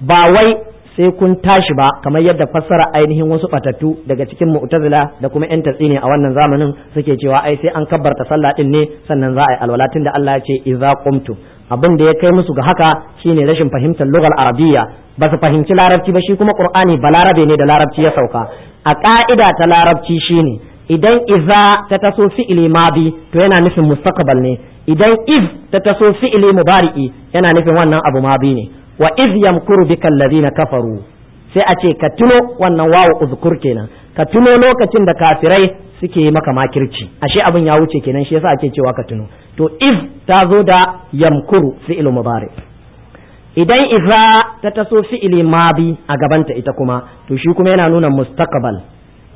ba wai sai kun tashi ba kamar yadda fassara ainihin wasu batattu daga cikin mu'tazila da kuma yan tatsini a wannan zamanin suke cewa ai sai an kabbarta sallah din ne sannan za a yi alwala da Allah ya ce idza qumtum abin da ya kai musu ga haka shine rashin fahimtar lugal Arabiya ba su fahimci larabci ba shi kuma qur'ani balarabe ne da larabci ya sauka a ka'ida ta larabci shine idan iza ta taso fi'ili madi to yana nufin mustaqbal ne idan iz ta taso fi'ili mubari'i yana nufin wannan abu madi ne wa iz yamkuru bika alladhina kafaru sai a ce ka tuno wannan wawu uzkur kenan ka tuno lokacin da kafirai suke maka makirci ashe abin ya wuce kenan shi yasa ake cewa ka tuno to iz ta zo da yamkuru fi'il mubari idan iza ta taso fi'ili madi a gabanta ita kuma to shi kuma yana nuna mustaqbal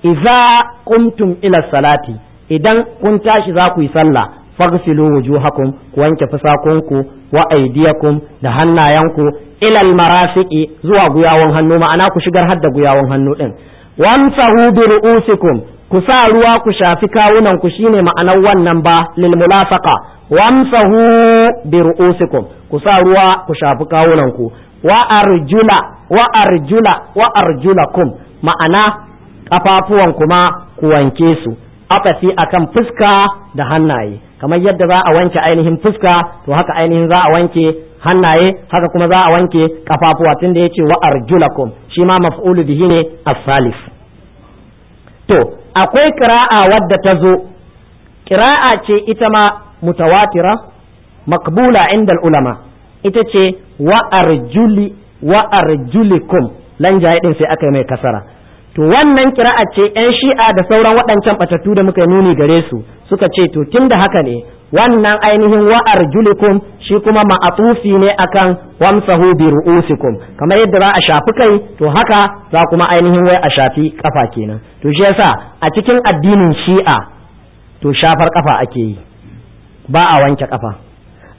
idza qumtum ila salati idan kun tashi za ku yi sallah faghsilu wujuhakum ku wanke fusakunku wa aydiyakum da hannayenku ila almarafiqi zuwa guyawon hannu ma'ana ku shigar hadda guyawon hannu din wamsahu bi ru'usikum ku sa ruwa ku shafi kawunan ku shine ma'anar wannan ba lil mulafaqa wamsahu bi ru'usikum ku sa ruwa ku shafi kawunan ku wa arjula wa arjula wa arjulakum ma'ana kafafuwan kuma ku wanke su akasi akan fuska da hannaye kamar yadda za a wanke ainihin fuska to haka ainihin za a wanke hannaye haka kuma za a wanke kafafuwa tunda yace wa arjulakum shi ma maf'ulu bihi ne as-salif to akwai qira'a wadda ta zo qira'a ce ita ma mutawatira makbula inda ulama ita ce wa arjuli wa arjulikum lan jaidin sai aka yi mai kasara to wannan kira'a ce yan shi'a da sauran waɗancan batattu da muka nuni gare su suka ce to tun da haka ne wannan ainihin wa'ar julikum shi kuma ma'atufi ne akan wamsahu bi ru'usikum kamar yadda za a shafi kai to haka za kuma ainihin wai a shafi kafa kenan to shi yasa a cikin addinin shi'a to shafar kafa ake yi ba a wanke kafa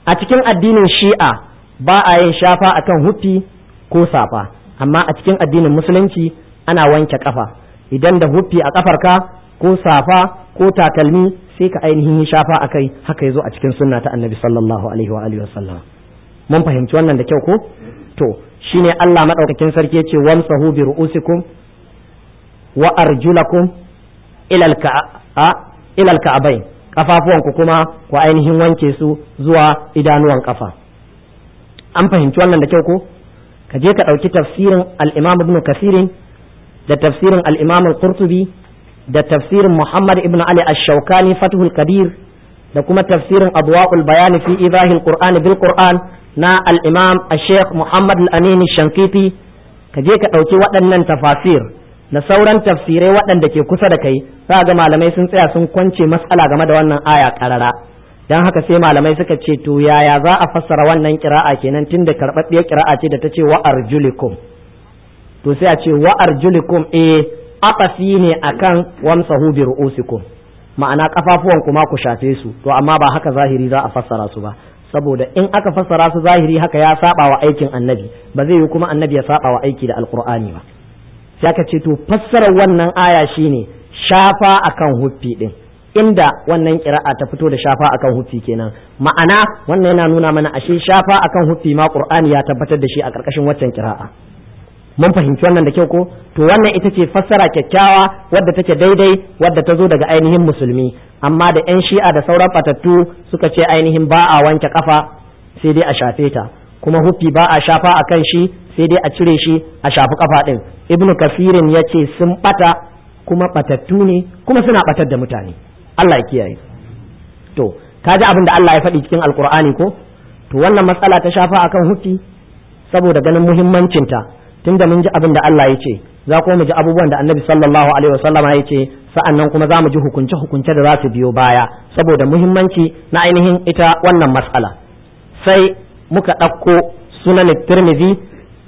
a cikin addinin shi'a ba a yin shafa akan hufi ko safa amma a cikin addinin musulunci ana wanke kafa idan da huffi a kafar ka ko safa ko takalmi sai ka ainihin yi shafa a kai haka ya zo a cikin sunna ta annabi sallallahu alaihi wa alihi wasallam mun fahimci wannan da kyau ko to shine Allah madaukakin sarki yace wamsahu bi ru'usikum wa arjulakum ila ila alka'abain ku ku kuma ku ainihin wanke su zuwa idanuwan kafa an fahimci wannan da kyau ko ka je ka ɗauki tafsirin al-imam ibn kasirin da tafsirin al-imam al-qurtubi da tafsirin muhammad ibn ali Ashaukani shawkani fathul kabir da kuma tafsirin abwaul bayani fi idahil qur'an bil qur'an na al-imam muhammad al-amin shankiti ka je ka ɗauki waɗannan tafasir da sauran tafsirai waɗanda ke kusa da kai za ga malamai sun tsaya sun kwance matsala game da wannan aya karara dan haka sai malamai suka ce to yaya za a fassara wannan kira'a kenan tunda karɓaɓɓiyar kira'a ce da ta ce wa'ar arjulikum to sai a ce wa arjulikum e eh, aqasi ne akan wamsahu bi ru'usikum ma'ana kafafuwan kuma ku shafe su to amma ba haka zahiri za a fassara su ba saboda in aka fassara su zahiri haka ya saba wa aikin annabi ba zai yi kuma annabi ya saba wa aiki da alqur'ani ba sai aka ce to fassarar wannan aya shine shafa akan huffi din inda wannan kira'a ta fito da shafa akan huffi kenan ma'ana wannan yana nuna mana ashe shafa akan huffi ma qur'ani ya tabbatar da shi a karkashin waccan kira'a mun fahimci wannan da kyau ko to wannan ita ce fassara kyakkyawa wadda take daidai wadda ta zo daga ainihin musulmi amma da yan shi'a da sauran fatattu suka ce ainihin ba a wanke kafa sai dai a shafe ta kuma hufi ba a shafa a kan shi sai dai a cire shi a shafi kafa ɗin ibnu kasirin ya ce sun bata kuma batattu ne kuma suna batar da mutane Allah ya kiyaye to kaji abin da Allah ya faɗi cikin alkur'ani ko to wannan matsala ta shafa akan hufi saboda ganin muhimmancinta tunda mun ji abin da Allah ya ce za kuma mu ji abubuwan da annabi sallallahu alaihi wasallama ya ce sa'annan kuma za mu ji hukunce hukunce da za su biyo baya saboda muhimmanci na ainihin ita wannan matsala sai muka ɗauko sunan tirmidhi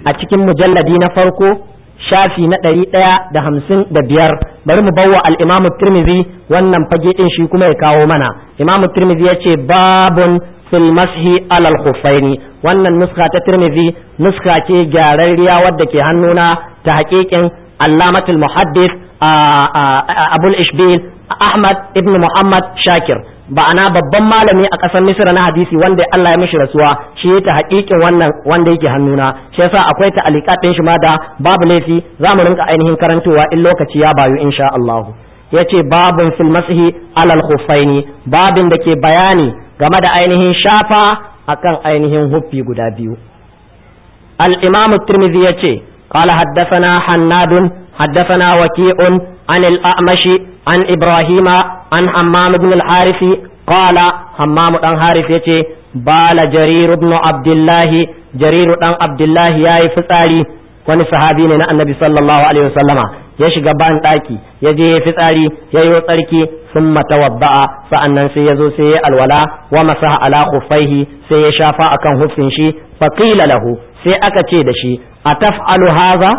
a cikin mujalladi na farko shafi na ɗari ɗaya da hamsin da biyar bari mu bawa al'imamu tirmidhi wannan fage ɗin shi kuma ya kawo mana imamu tirmidhi ya ce babun fil mashi alal khuffaini wannan nuska ta tirmidhi nuska ce gyararriya wadda ke hannuna ta haƙiƙin allamatul muhaddis abul ishbil ahmad ibn muhammad shakir ba'ana babban malami a ƙasar misira na hadisi wanda Allah ya mishi rasuwa shi ya ta haƙiƙin wannan wanda yake hannuna shi yasa akwai ta alikatin shi ma da babu laifi za mu rinka ainihin karantowa in lokaci ya bayu insha Allah ce babun fil mashi alal khuffaini babin da ke bayani game da ainihin shafa akan ainihin huffi guda biyu al turmizi ya ce kala haddasa na hannadun haddasa na waki'un an al an ibrahima an hammamu ibn al kala hammamu ɗan dan ya ce bala jariru ibn jariru ɗan abdullahi ya yi fitsari wani sahabi ne na annabi sallallahu alaihi wasallama ya shiga ban daki ya je ya fitsari ya yi tsarki summa tawabba'a sa'annan sai ya zo sai ya alwala wa masaha ala khuffaihi sai ya shafa akan huffin shi faqila lahu sai aka ce da shi ataf'alu haza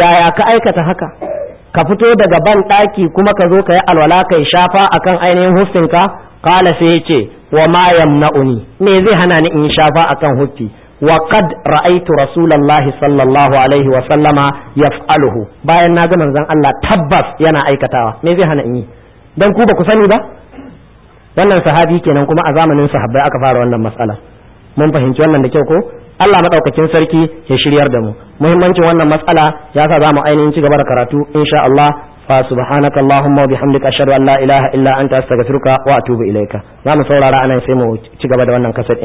yaya ka aikata haka ka fito daga ban daki kuma ka zo ka yi alwala kai shafa akan ainihin ka qala sai ya ce wa ma yamna'uni me zai hana ni in shafa akan huffi وقد رأيت رسول الله صلى الله عليه وسلم يفعله bayan na ga manzon Allah tabbas yana aikatawa me zai hana in yi dan ku ba ku sani ba wannan sahabi kenan kuma a zamanin sahabbai aka fara wannan matsala mun fahimci wannan da kyau ko Allah madaukakin sarki ya shiryar da mu muhimmancin wannan matsala ya sa za mu ainihin ci gaba da karatu insha Allah فسبحانك اللهم وبحمدك أشهد أن لا إله إلا أنت أستغفرك saurara anan sai mu ci gaba da wannan kasar.